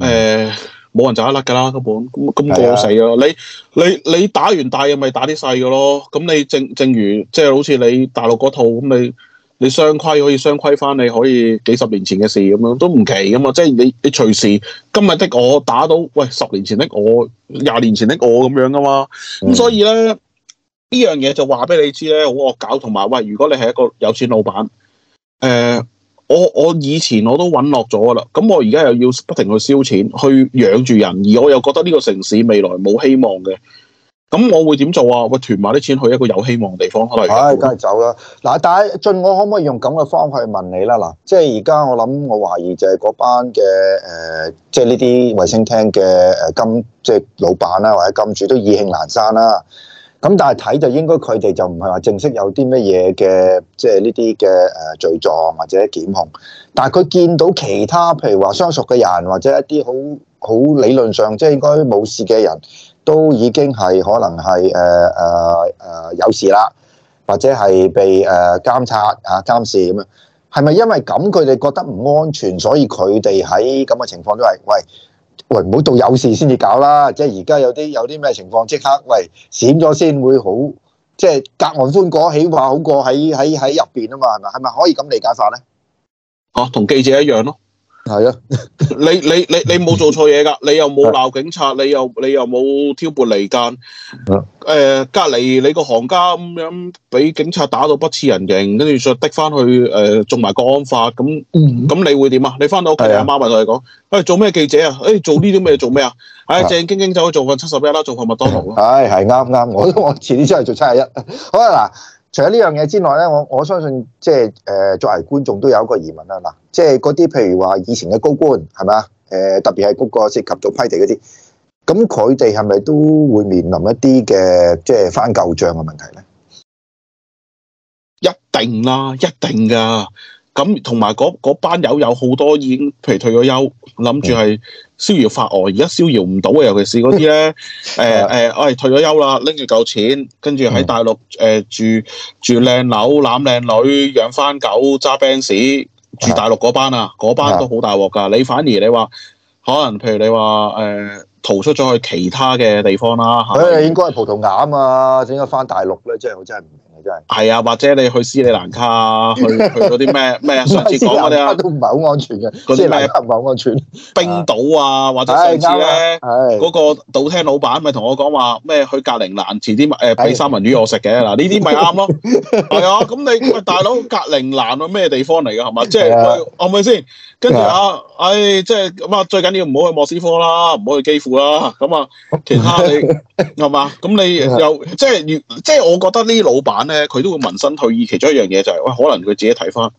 呃。嗯冇人走得甩㗎啦，根本咁咁過死咯。你你你打完大嘅，咪打啲細嘅咯。咁你正正如即係好似你大陸嗰套咁，你你雙規可以雙規翻，你可以幾十年前嘅事咁樣都唔奇㗎嘛。即係你你隨時今日的我打到，喂，十年前的我，廿年前的我咁樣㗎嘛。咁、嗯、所以咧呢樣嘢就話俾你知咧，好惡搞。同埋喂，如果你係一個有錢老闆，誒、呃。我我以前我都揾落咗啦，咁我而家又要不停去燒錢去養住人，而我又覺得呢個城市未來冇希望嘅，咁我會點做啊？會屯埋啲錢去一個有希望嘅地方去。唉，梗係走啦。嗱，但係進，我可唔可以用咁嘅方法去問你啦？嗱，即係而家我諗，我懷疑就係嗰班嘅誒，即係呢啲衞星廳嘅誒金，即係老闆啦，或者金主都意興闌珊啦。咁但係睇就應該佢哋就唔係話正式有啲乜嘢嘅，即係呢啲嘅誒罪狀或者檢控。但係佢見到其他譬如話相熟嘅人，或者一啲好好理論上即係、就是、應該冇事嘅人都已經係可能係、呃呃、有事啦，或者係被誒監察啊監視咁樣。係咪因為咁佢哋覺得唔安全，所以佢哋喺咁嘅情況都係喂？喂，唔好到有事先至搞啦，即係而家有啲有啲咩情況，即刻喂閃咗先會好，即係隔岸觀火起碼好過喺喺喺入邊啊嘛，係咪？係咪可以咁理解法咧？哦、啊，同記者一樣咯、哦。係啊， 啊！你你你你冇做錯嘢噶，你又冇鬧警察，啊呃、你又你又冇挑撥離間。誒，隔籬你個行家咁樣俾警察打到不似人形，跟住再的翻去誒、呃，做埋國安法咁，咁、嗯、你會點啊？你翻到屋企，阿媽咪同你講，喂、哎，做咩記者啊？誒、哎，做呢啲咩做咩啊？係、哎、啊，正正經經走去做份七十一啦，做份麥當勞、啊。係係啱啱，我都我遲啲出嚟做七廿一。好啦嗱。除咗呢樣嘢之外咧，我我相信即係誒作為觀眾都有一個疑問啦，嗱，即係嗰啲譬如話以前嘅高官係咪啊？誒特別係嗰個涉及到批地嗰啲，咁佢哋係咪都會面臨一啲嘅即係翻舊賬嘅問題咧？一定啦、啊，一定噶、啊。咁同埋嗰班友有好多已經，譬如退咗休，諗住係逍遙發呆，而家逍遙唔到嘅，尤其是嗰啲咧，誒 誒、呃，哎、呃呃，退咗休啦，拎住嚿錢，跟住喺大陸誒、呃、住住靚樓，攬靚女，養翻狗，揸 Bentley 住大陸嗰班啊，嗰班都好大鑊噶。你反而你話，可能譬如你話誒、呃、逃出咗去其他嘅地方啦，佢應該係葡萄牙啊嘛，點解翻大陸咧？真係我真係唔係啊，或者你去斯里蘭卡，去去嗰啲咩咩啊？上次講嗰啲啊，都唔係好安全嘅。啲唔係好安全？冰島啊，或者上次咧，嗰、啊那個賭廳老闆咪同我講話咩？去格陵蘭，遲啲誒俾三文魚我食嘅嗱，呢啲咪啱咯？係 啊，咁你大佬格陵蘭啊咩地方嚟噶？係咪？即係係咪先？跟住啊，唉、哎，即係咁啊，最緊要唔好去莫斯科啦，唔好去基輔啦。咁啊，其他你係嘛？咁 你又即係，即、就、係、是就是、我覺得呢啲老闆咧，佢都會萌生退意。其中一樣嘢就係、是、喂，可能佢自己睇返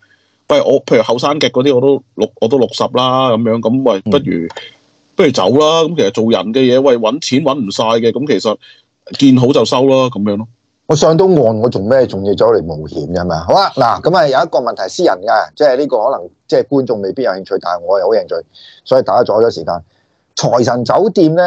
喂，我譬如後生極嗰啲，我都六我都六十啦，咁樣咁喂，不如、嗯、不如走啦。咁其實做人嘅嘢，喂，揾錢揾唔晒嘅，咁其實見好就收啦，咁樣咯。我上到岸，我做咩仲要走嚟冒險㗎嘛？好啦，嗱咁啊，有一個問題是私人嘅，即係呢個可能即係觀眾未必有興趣，但係我又好興趣，所以打咗再攞啲時間。財神酒店咧，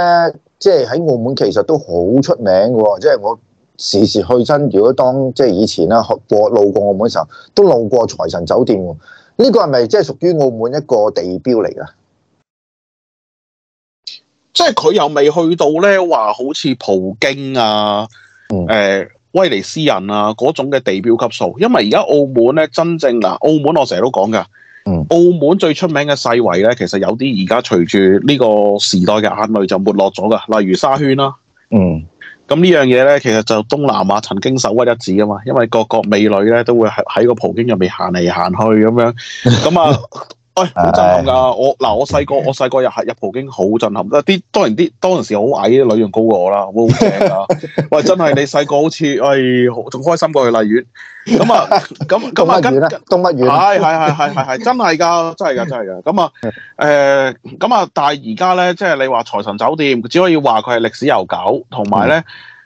即係喺澳門其實都好出名嘅喎，即係我時時去親。如果當即係以前啦，過路過澳門嘅時候，都路過財神酒店。呢、這個係咪即係屬於澳門一個地標嚟㗎？即係佢又未去到咧，話好似葡京啊，誒、嗯，威尼斯人啊嗰種嘅地標級數，因為而家澳門咧真正，嗱，澳門我成日都講噶，澳門最出名嘅世圍咧，其實有啲而家隨住呢個時代嘅眼淚就沒落咗噶，例如沙圈啦、啊，咁、嗯、呢樣嘢咧，其實就東南亞曾經首屈一指啊嘛，因為各國美女咧都會喺喺個葡京入面行嚟行去咁樣，咁啊～ 喂、哎，好震撼噶！我嗱，我細個，我細個又係入葡京，好震撼。嗱，啲當然啲，當時好矮嘅女仲高過我啦，好正啊！喂、 哎，真係你細個好似，哎，仲開心過去荔園咁啊！咁咁啊，動物園咧？動物園係係係係係真係噶，真係噶，真係噶。咁啊，誒，咁 啊、呃，但係而家咧，即係你話財神酒店，只可以話佢係歷史悠久，同埋咧，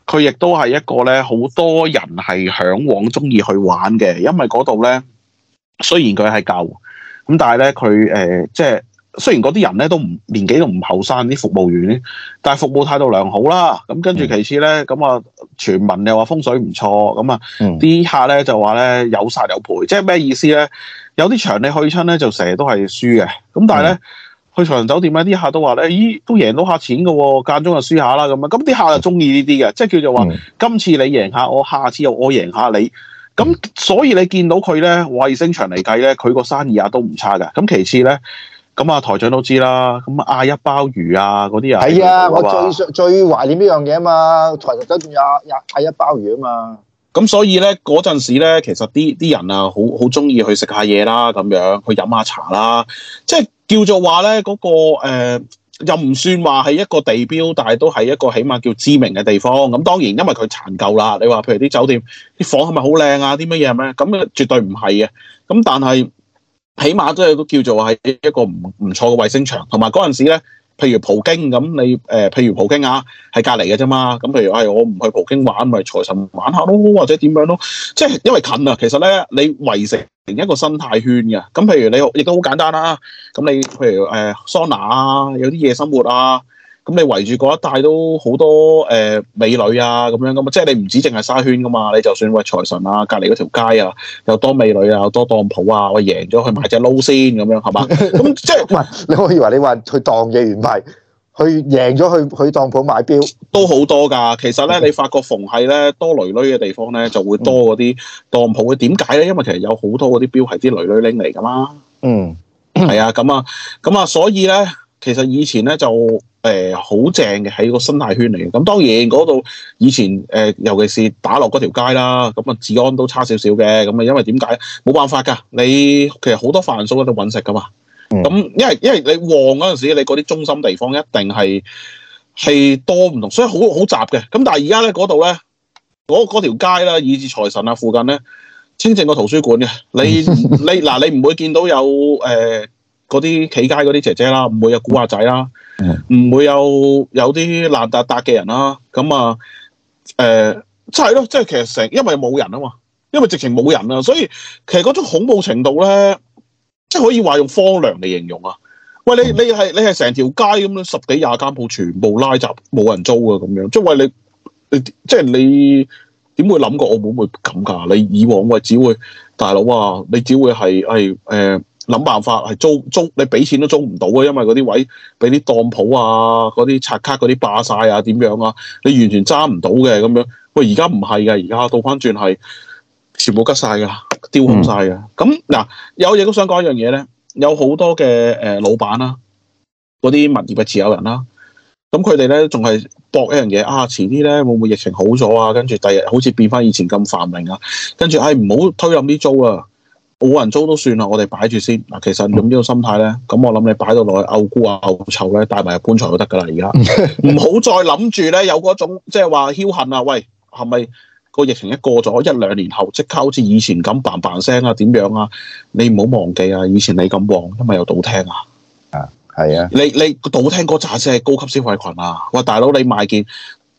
佢亦都係一個咧，好多人係向往、中意去玩嘅，因為嗰度咧，雖然佢係舊。咁但係咧，佢誒即係雖然嗰啲人咧都唔年紀都唔後生，啲服務員咧，但係服務態度良好啦。咁跟住其次咧，咁啊傳聞又話風水唔錯，咁啊啲客咧就話咧有殺有賠，即係咩意思咧？有啲場你去親咧，就成日都係輸嘅。咁但係咧，嗯、去長城酒店咧，啲客都話咧，咦都贏到下錢嘅喎，間中就輸下啦咁啊，咁啲客就中意呢啲嘅，即係叫做話，嗯、今次你贏下我，我下次又我贏下你。咁所以你見到佢咧，衛星場嚟計咧，佢個生意啊都唔差㗎。咁其次咧，咁啊台長都知啦。咁嗌一鮑魚啊嗰啲啊，係啊，我最最懷念呢樣嘢啊嘛，台長都嗌嗌嗌一鮑魚啊嘛。咁所以咧嗰陣時咧，其實啲啲人啊，好好中意去食下嘢啦，咁樣去飲下茶啦，即係叫做話咧嗰個、呃又唔算話係一個地標，但係都係一個起碼叫知名嘅地方。咁當然，因為佢殘舊啦。你話譬如啲酒店啲房係咪好靚啊？啲乜嘢係咩？咁絕對唔係嘅。咁但係起碼都係都叫做係一個唔唔錯嘅衛星城，同埋嗰陣時呢。譬如葡京咁，你、呃、譬如葡京啊，係隔離嘅啫嘛。咁譬如，係、哎、我唔去葡京玩，咪財神玩下咯，或者點樣咯？即係因為近啊，其實咧你圍成一個生態圈嘅。咁譬如你亦都好簡單啦、啊。咁你譬如誒、呃、桑拿啊，有啲夜生活啊。咁你圍住嗰一帶都好多誒美女啊，咁樣咁嘛？即係你唔止淨係沙圈噶嘛。你就算話財神啊，隔離嗰條街啊，又多美女啊，有多當鋪啊，啊。我贏咗去買隻撈先咁樣係嘛？咁 那即係唔係？ 你可以話你話去他當嘅原牌，去贏咗去去當鋪買表都好多㗎。其實咧，mm -hmm. 你發覺逢係咧多女女嘅地方咧，就會多嗰啲當鋪。佢點解咧？因為其實有好多嗰啲表係啲女女拎嚟㗎嘛。嗯，係啊，咁啊，咁啊，所以咧，其實以前咧就。誒，好正嘅，喺個生態圈嚟嘅。咁當然嗰度以前誒、呃，尤其是打落嗰條街啦，咁啊治安都差少少嘅。咁啊，因為點解？冇辦法噶，你其實好多飯數都揾食噶嘛。咁因為因為你旺嗰陣時候，你嗰啲中心地方一定係係多唔同，所以好好雜嘅。咁但係而家咧嗰度咧，嗰嗰條街啦，以至財神啊附近咧，清靜個圖書館嘅。你 你嗱，你唔會見到有誒。呃嗰啲企街嗰啲姐姐啦，唔會有古惑仔，仔啦，唔、嗯、會有有啲爛撻撻嘅人啦。咁啊，誒、呃，即係咯，即係其實成，因為冇人啊嘛，因為直情冇人啊，所以其實嗰種恐怖程度咧，即係可以話用荒涼嚟形容啊。喂，你你係你係成條街咁樣十幾廿間鋪全部拉閘冇人租啊咁樣，即係喂你，你，即係你點會諗過澳門會咁㗎？你以往喂只會大佬啊，你只會係係誒。哎呃諗辦法係租租，你俾錢都租唔到啊，因為嗰啲位俾啲當鋪啊，嗰啲刷卡嗰啲霸晒啊，點樣啊？你完全揸唔到嘅咁樣。喂，而家唔係嘅，而家倒翻轉係全部吉晒嘅，丟空晒嘅。咁、嗯、嗱，有嘢都想講一樣嘢咧，有好多嘅誒、呃，老闆啦，嗰啲物業嘅持有人啦，咁佢哋咧仲係搏一樣嘢啊，遲啲咧會唔會疫情好咗啊？跟住第日好似變翻以前咁繁榮啊？跟住唉，唔、哎、好推冧啲租啊！冇人租都算啦，我哋擺住先。嗱，其實用呢個心態咧，咁、嗯、我諗你擺到落去漚菇啊、漚臭咧，帶埋入棺材都得噶啦。而家唔好再諗住咧，有嗰種即係話僥幸啊！喂，係咪個疫情一過咗一兩年後，即刻好似以前咁嘭嘭聲啊？點樣啊？你唔好忘記啊！以前你咁旺，因為有賭廳啊。啊，係啊！你你賭廳嗰扎先係高級消費群啊！喂，大佬你賣件。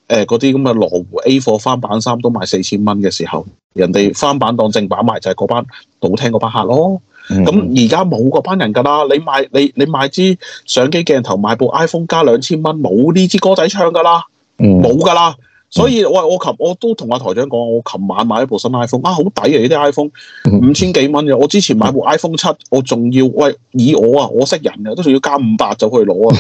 誒嗰啲咁嘅羅湖 A 貨翻版衫都賣四千蚊嘅時候，人哋翻版當正版賣就係嗰班賭廳嗰班客咯。咁而家冇嗰班人㗎啦。你買你你買支相機鏡頭，買部 iPhone 加兩千蚊，冇呢支歌仔唱㗎啦，冇、嗯、㗎啦。所以喂，我琴我都同阿台長講，我琴晚買一部新 iPhone 啊，好抵啊！呢啲 iPhone 五千幾蚊嘅。我之前買部 iPhone 七，我仲要喂以我啊，我識人啊都仲要加五百就去攞啊。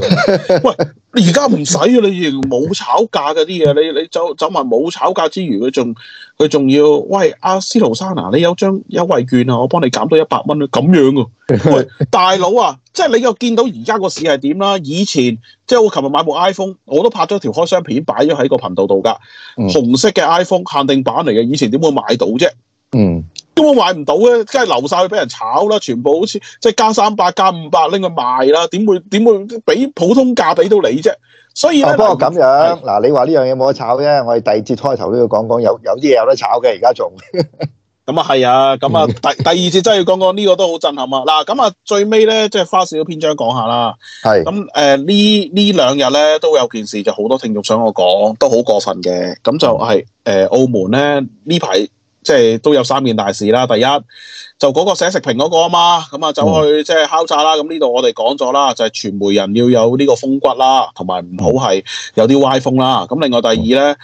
喂！ 現在不用你而家唔使啊！你冇炒價嗰啲嘢，你你走走埋冇炒價之餘，佢仲佢仲要喂，阿司徒莎娜，你有張優惠券啊！我幫你減到一百蚊啊！咁樣啊，喂大佬啊，即係你又見到而家個市係點啦？以前即係我琴日買部 iPhone，我都拍咗條開箱片擺咗喺個頻道度噶，嗯、紅色嘅 iPhone 限定版嚟嘅，以前點會買到啫？嗯。根本買唔到嘅，真係留晒去俾人炒啦！全部好似即係加三百、加五百拎去賣啦，點會點會俾普通價俾到你啫？所以啊，呢不過咁樣嗱，你話呢樣嘢冇得炒啫，我哋第二節開頭都要講講有有啲嘢有得炒嘅，而家仲咁啊係啊，咁、嗯、啊第第二節真係要講講呢個都好震撼啊！嗱，咁啊最尾咧，即係花少少篇章講下啦。係咁、呃、呢呢兩日咧都有件事，就好多聽眾想我講，都好過分嘅。咁就係、是、誒、呃、澳門咧呢排。即係都有三件大事啦。第一就嗰個寫食評嗰個啊嘛，咁啊走去即係敲詐啦。咁呢度我哋講咗啦，就係傳媒人要有呢個風骨啦，同埋唔好係有啲歪風啦。咁另外第二咧，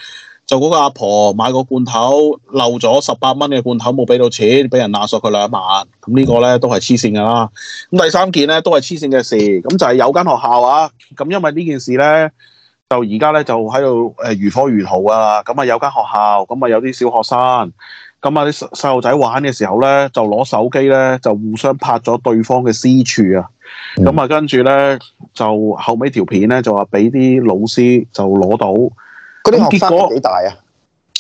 就嗰個阿婆買個罐頭漏咗十八蚊嘅罐頭冇俾到錢，俾人勒索佢兩萬。咁呢個咧都係黐線㗎啦。咁第三件咧都係黐線嘅事，咁就係有間學校啊。咁因為呢件事咧，就而家咧就喺度如火如荼啊。咁啊有間學校，咁啊有啲小學生。咁啊！啲細路仔玩嘅時候咧，就攞手機咧，就互相拍咗對方嘅私處啊！咁、嗯、啊，跟住咧就後尾條片咧就話俾啲老師就攞到。嗰啲學生幾大啊？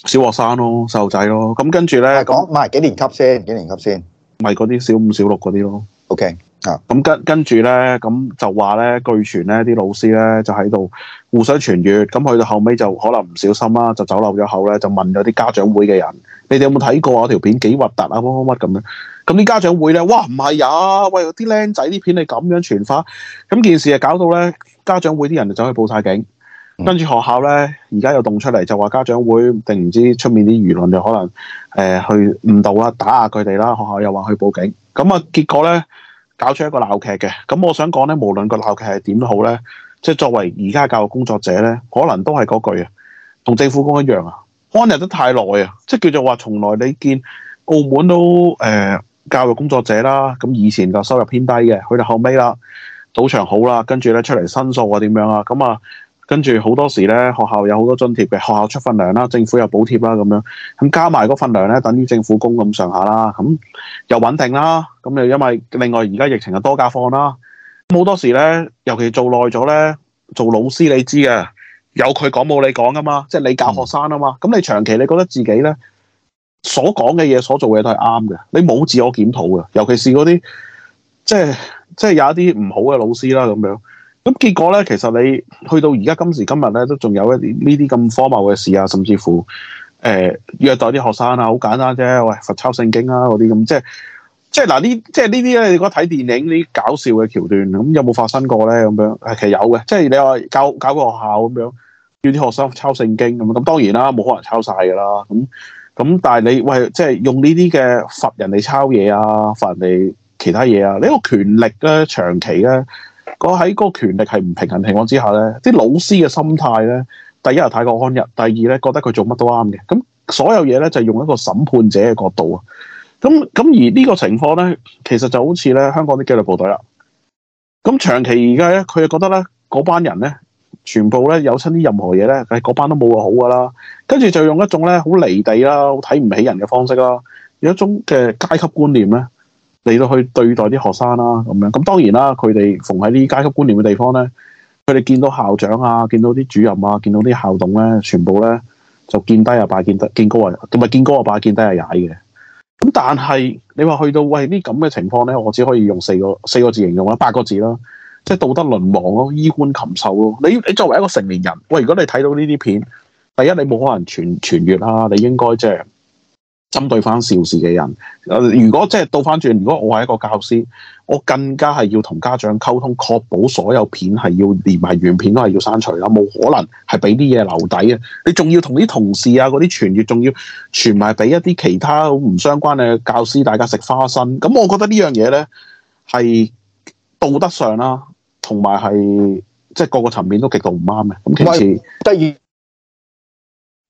小學生咯，細路仔咯。咁跟住咧，講唔係幾年級先？幾年級先？咪嗰啲小五、小六嗰啲咯。O K 啊，咁跟跟住咧，咁就話咧據傳咧，啲老師咧就喺度互相傳閱。咁去到後尾就可能唔小心啦，就走漏咗口咧，就問咗啲家長會嘅人。嗯你哋有冇睇過我條片幾核突啊？乜乜乜咁樣？咁啲家長會咧，哇唔係呀！喂，啲僆仔啲片你咁樣傳發，咁件事啊搞到咧，家長會啲人就走去報晒警，跟、嗯、住學校咧，而家又動出嚟就話家長會定唔知出面啲輿論就可能、呃、去誤導啊，打壓佢哋啦。學校又話去報警，咁啊結果咧搞出一個鬧劇嘅。咁我想講咧，無論個鬧劇係點都好咧，即作為而家教育工作者咧，可能都係嗰句啊，同政府工一樣啊。安逸得太耐啊，即係叫做話，從來你見澳門都誒、呃、教育工作者啦，咁以前就收入偏低嘅，去到後尾啦，賭場好啦，跟住咧出嚟申訴啊點樣啊，咁啊跟住好多時咧學校有好多津貼嘅，學校出份糧啦，政府又補貼啦咁樣，咁加埋個份糧咧，等於政府工咁上下啦，咁又穩定啦，咁又因為另外而家疫情又多假放啦，好多時咧，尤其做耐咗咧，做老師你知嘅。有佢講冇你講噶嘛？即係你教學生啊嘛？咁你長期你覺得自己咧所講嘅嘢，所做嘅嘢都係啱嘅，你冇自我檢討嘅。尤其是嗰啲即係即係有一啲唔好嘅老師啦咁樣。咁結果咧，其實你去到而家今時今日咧，都仲有一啲呢啲咁荒謬嘅事啊，甚至乎誒虐待啲學生啊，好簡單啫。喂、哎，罰抄聖經啊嗰啲咁，即係即係嗱呢，即係呢啲咧，你覺得睇電影呢搞笑嘅橋段，咁有冇發生過咧？咁樣其實有嘅，即係你話搞教，教個學校咁樣。啲學生抄聖經咁，咁當然啦，冇可能抄晒噶啦。咁咁，但係你喂，即係用呢啲嘅罰人哋抄嘢啊，罰人哋其他嘢啊。呢個權力咧，長期咧，喺嗰個權力係唔平衡的情況之下咧，啲老師嘅心態咧，第一係太過安逸，第二咧覺得佢做乜都啱嘅。咁所有嘢咧就係用一個審判者嘅角度啊。咁咁而呢個情況咧，其實就好似咧香港啲紀律部隊啦。咁長期而家咧，佢又覺得咧嗰班人咧。全部咧有親啲任何嘢咧，係嗰班都冇個好噶啦。跟住就用一種咧好離地啦、睇唔起人嘅方式啦，有一種嘅階級觀念咧嚟到去對待啲學生啦咁樣。咁當然啦，佢哋逢喺啲階級觀念嘅地方咧，佢哋見到校長啊、見到啲主任啊、見到啲校董咧，全部咧就見低啊拜見，見，見，見低，見高啊同埋見高啊拜見低啊踩嘅。咁但係你話去到喂啲咁嘅情況咧，我只可以用四個四個字形容啦，八個字啦。即係道德淪亡咯，衣冠禽獸咯。你你作為一個成年人，喂，如果你睇到呢啲片，第一你冇可能傳傳閱啦，你應該即係針對翻肇事嘅人。誒，如果即係倒翻轉，如果我係一個教師，我更加係要同家長溝通，確保所有片係要連埋原片都係要刪除啦，冇可能係俾啲嘢留底啊！你仲要同啲同事啊，嗰啲傳閱，仲要傳埋俾一啲其他唔相關嘅教師，大家食花生。咁我覺得這樣呢樣嘢咧係道德上啦、啊。同埋係即係個個層面都極度唔啱嘅。咁其次，第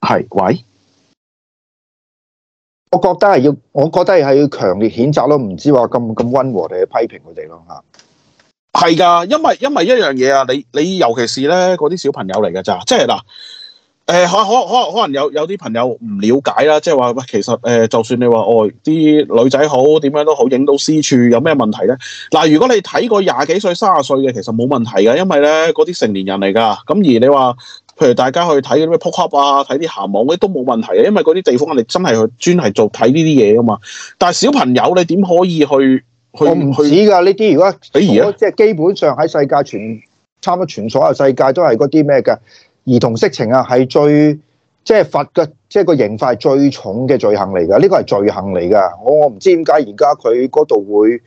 二係喂，我覺得係要，我覺得係要強烈譴責咯，唔知話咁咁溫和地批評佢哋咯吓，係噶，因為因為一樣嘢啊，你你尤其是咧嗰啲小朋友嚟㗎咋，即係嗱。誒、呃，可可可可能有有啲朋友唔了解啦，即係話喂，其實誒、呃，就算你話哦，啲女仔好點樣都好，影到私處有咩問題咧？嗱、呃，如果你睇過廿幾歲、卅歲嘅，其實冇問題㗎，因為咧嗰啲成年人嚟噶。咁而你話，譬如大家去睇嗰啲咩撲克啊，睇啲鹹網啲都冇問題啊，因為嗰啲地方我哋真係專係做睇呢啲嘢噶嘛。但係小朋友你點可以去去？唔去噶呢啲，如果比如即係基本上喺世界全差唔多全所有世界都係嗰啲咩㗎。兒童色情啊，係最即係罰嘅，即係個刑法係最重嘅罪行嚟㗎。呢個係罪行嚟㗎。我我唔知點解而家佢嗰度會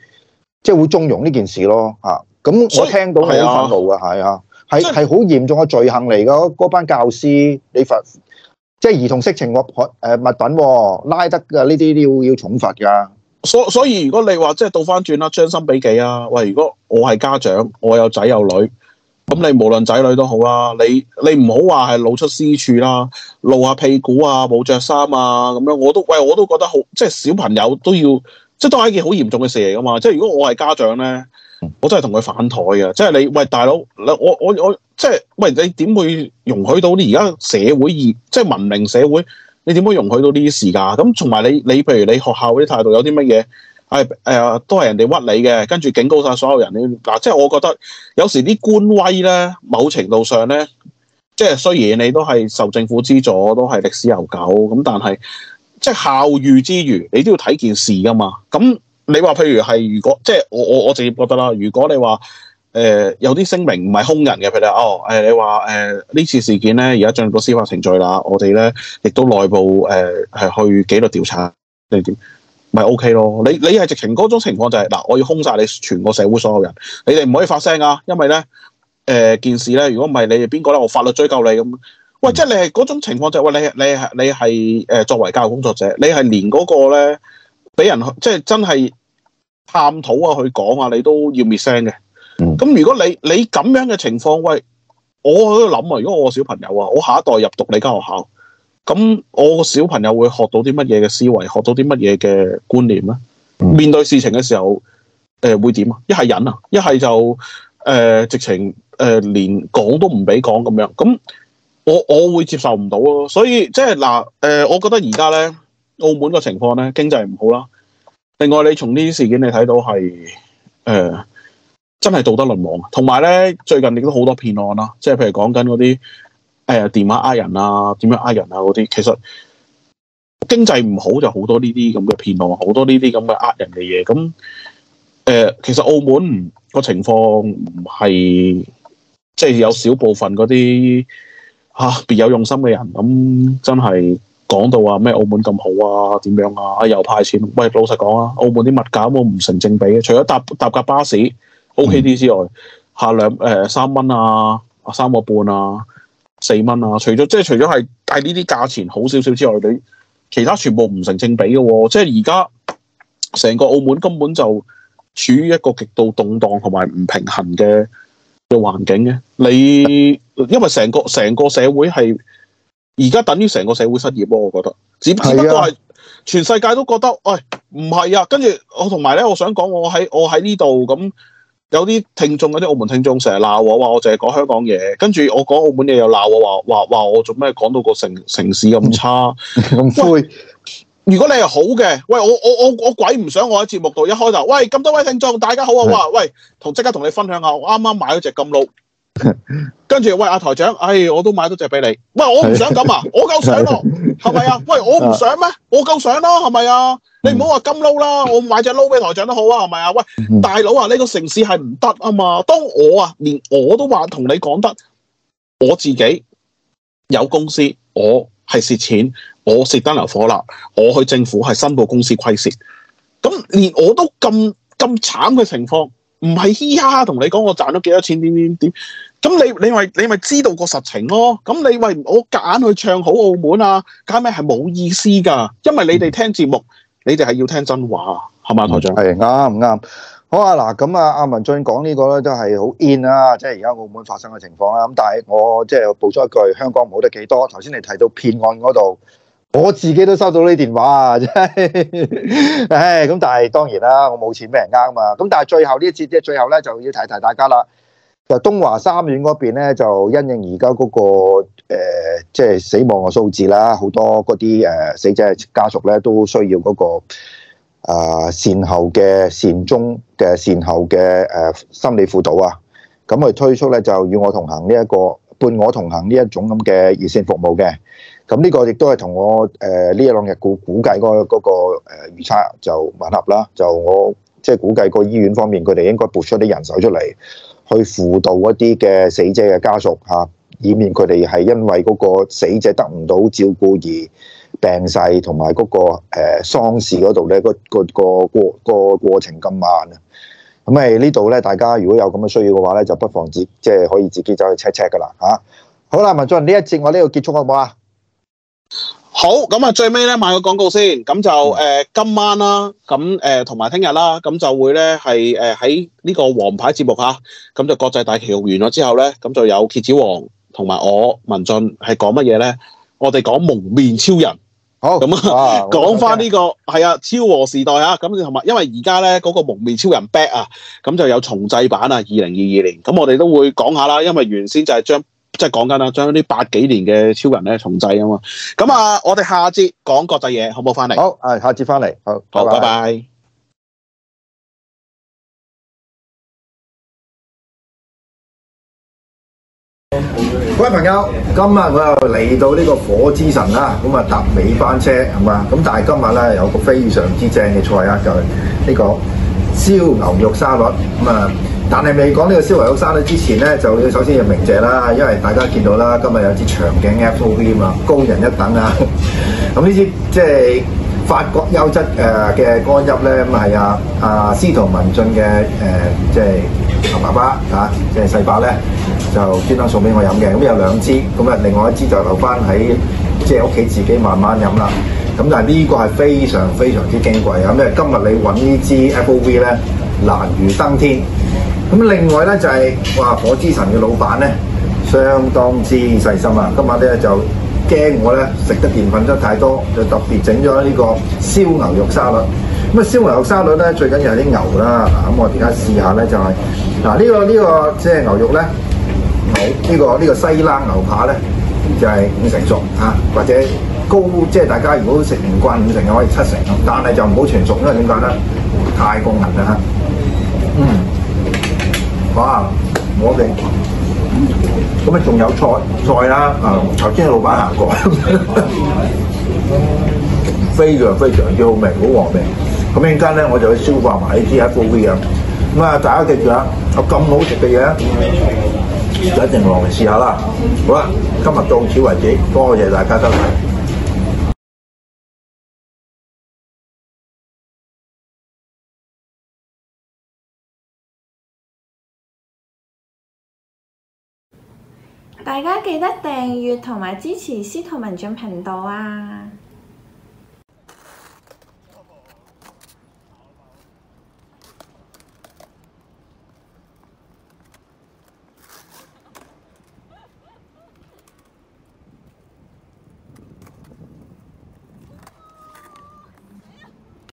即係會縱容呢件事咯。嚇，咁我聽到係好憤怒㗎，係啊，係係好嚴重嘅罪行嚟㗎。嗰班教師你罰即係兒童色情我誒物品拉得㗎，呢啲都要要重罰㗎。所以所以如果你話即係倒翻轉啦，將心比己啊，喂，如果我係家長，我有仔有女。咁你無論仔女都好啦，你你唔好話係露出私處啦，露下屁股啊，冇着衫啊，咁樣我都喂，我都覺得好，即係小朋友都要，即係都係一件好嚴重嘅事嚟噶嘛。即係如果我係家長咧，我真係同佢反台啊。即係你喂大佬，我我我即係喂，你點會容許到你而家社會而即係文明社會，你點會容許到呢啲事噶？咁同埋你你譬如你學校嗰啲態度有啲乜嘢？係誒，都係人哋屈你嘅，跟住警告晒所有人你，嗱，即係我覺得有時啲官威咧，某程度上咧，即係雖然你都係受政府資助，都係歷史悠久咁，但係即係效譽之餘，你都要睇件事噶嘛。咁你話譬如係如果即係我我我自己覺得啦，如果你話誒、呃、有啲聲明唔係空人嘅，譬如哦誒、呃，你話誒呢次事件咧，而家進入到司法程序啦，我哋咧亦都內部誒係、呃、去紀律調查定點。咪 OK 咯，你你係直情嗰種情況就係、是、嗱，我要兇晒你全個社會所有人，你哋唔可以發聲啊，因為咧，誒、呃、件事咧，如果唔係你哋邊個咧，我法律追究你咁。喂，即係你係嗰種情況就係、是，喂，你你係你係誒、呃、作為教育工作者，你係連嗰個咧俾人即係、就是、真係探討啊去講啊，你都要滅聲嘅。咁、嗯、如果你你咁樣嘅情況，喂，我喺度諗啊，如果我個小朋友啊，我下一代入讀你間學校。咁我個小朋友會學到啲乜嘢嘅思維，學到啲乜嘢嘅觀念咧？面對事情嘅時候，誒、呃、會點啊？一係忍啊，一係就誒直情誒連講都唔俾講咁樣。咁、呃呃、我我會接受唔到咯。所以即係嗱，誒、呃，我覺得而家咧澳門個情況咧，經濟唔好啦。另外，你從呢啲事件你睇到係誒、呃、真係道德淪亡，同埋咧最近亦都好多騙案啦。即係譬如講緊嗰啲。誒電話呃人啊，點樣呃人啊嗰啲，其實經濟唔好就好多呢啲咁嘅騙案，好多呢啲咁嘅呃人嘅嘢。咁誒，其實澳門個情況唔係即係有少部分嗰啲嚇別有用心嘅人，咁真係講到話咩澳門咁好啊，點樣啊，又派錢？喂，老實講啊，澳門啲物價我唔成正比，除咗搭搭架巴士 OK 啲之外，嗯、下兩、呃、三蚊啊，啊三個半啊。四蚊啊！除咗即係除咗係帶呢啲價錢好少少之外，你其他全部唔成正比嘅、啊。即係而家成個澳門根本就處於一個極度動盪同埋唔平衡嘅嘅環境嘅。你因為成個成個社會係而家等於成個社會失業咯、啊，我覺得只只不過係全世界都覺得喂唔係啊。跟住我同埋咧，我想講我喺我喺呢度咁。有啲聽眾嗰啲澳門聽眾成日鬧我，話我淨係講香港嘢，跟住我講澳門嘢又鬧我，話話話我做咩講到個城城市咁差咁 灰。如果你係好嘅，喂我我我我鬼唔想我喺節目度一開頭，喂咁多位聽眾大家好啊，話喂同即刻同你分享下，我啱啱買咗隻金鹿。跟住喂阿、啊、台長，哎，我都買咗隻俾你。喂，我唔想咁啊，我夠想咯、啊，係 咪啊？喂，我唔想咩？我夠想啦，係咪啊？是是啊嗯、你唔好話金撈啦，我買隻撈俾台長都好啊，係咪啊？喂，大佬啊，呢個城市係唔得啊嘛。當我啊，連我都話同你講得，我自己有公司，我係蝕錢，我蝕得流火啦，我去政府係申報公司虧蝕。咁連我都咁咁慘嘅情況，唔係嘻哈哈同你講我賺咗幾多錢點點點。咁你你咪你咪知道個實情咯，咁你為我夾硬去唱好澳門啊？加咩係冇意思㗎，因為你哋聽節目，你哋係要聽真話，係嘛台長？係啱唔啱？好啊嗱，咁啊，阿文進講呢個咧都係好 in 啦，即係而家澳門發生嘅情況啦。咁但係我即係、就是、報咗一句，香港冇得幾多。頭先你提到騙案嗰度，我自己都收到呢電話啊，係、就是。唉、哎，咁但係當然啦，我冇錢俾人啱嘛。咁但係最，最後呢一節即係最後咧，就要提提大家啦。就東華三院嗰邊咧，就因應而家嗰個即係、呃就是、死亡嘅數字啦，好多嗰啲誒死者家屬咧都需要嗰、那個、呃、善後嘅善終嘅善後嘅誒、呃、心理輔導啊。咁佢推出咧就與我同行呢、這、一個伴我同行呢一種咁嘅熱線服務嘅。咁呢個亦都係同我誒呢一兩日估估計嗰嗰個誒預測就吻合啦。就我即係、就是、估計個醫院方面，佢哋應該撥出啲人手出嚟。去輔導一啲嘅死者嘅家屬嚇，以免佢哋係因為嗰個死者得唔到照顧而病逝，同埋嗰個誒喪事嗰度咧，個個個過個過程咁慢啊！咁誒呢度咧，大家如果有咁嘅需要嘅話咧，就不妨自即係可以自己走去 check check 噶啦嚇。好啦，文進呢一節我呢度結束好唔好啊？好，咁啊，最尾咧賣個廣告先，咁就誒今晚啦，咁誒同埋聽日啦，咁就會咧係誒喺呢個王牌節目嚇，咁就國際大棋局完咗之後咧，咁就有蠍子王同埋我文進係講乜嘢咧？我哋講蒙面超人，好，咁講翻呢個係啊超和時代嚇，咁同埋因為而家咧嗰個蒙面超人 Black 啊，咁就有重製版啊，二零二二年，咁我哋都會講下啦，因為原先就係將。即係講緊啦，將啲八幾年嘅超人咧重製啊嘛，咁啊，我哋下節講國際嘢，好唔好翻嚟？好，係下節翻嚟，好好，拜拜。各位朋友，今日我又嚟到呢個火之神啦，咁啊搭尾班車係嘛，咁但係今日咧有個非常之正嘅菜啊，就係呢個。燒牛肉沙律咁啊！但係未講呢個燒牛肉沙律之前咧，就要首先要鳴謝啦，因為大家見到啦，今日有支長頸 F.O.V 嘛，高人一等啊！咁呢支即係法國優質誒嘅干邑咧，咁、呃、係啊啊司徒文進嘅誒、呃、即係阿爸爸啊，即係細伯咧，就專登送俾我飲嘅。咁有兩支，咁啊另外一支就留翻喺即係屋企自己慢慢飲啦。咁但係呢個係非常非常之矜貴啊！咩？今日你揾呢支 Apple V 咧難如登天。咁另外咧就係哇，火之神嘅老闆咧相當之細心啊！今晚咧就驚我咧食得澱粉質太多，就特別整咗呢個燒牛肉沙律。咁啊，燒牛肉沙律咧最緊要係啲牛啦。嗱，咁我而家試下咧就係嗱，呢個呢個即係牛肉咧，好呢個呢個西冷牛扒咧就係五成熟啊，或者。高即係大家，如果食唔慣五成，可以七成，但係就唔好全熟，因為點解咧？太過硬啦！嗯，哇，我哋咁啊，仲有菜菜啦，啊，頭先老闆行過，非常非常之好味，好和味。咁陣間咧，我就去消化埋啲 T F V 啊。咁啊，大家記住啦，有咁好食嘅嘢，一定落嚟試下啦。好啦，今日到此為止，多謝大家收睇。大家記得訂閱同埋支持司徒文進頻道啊！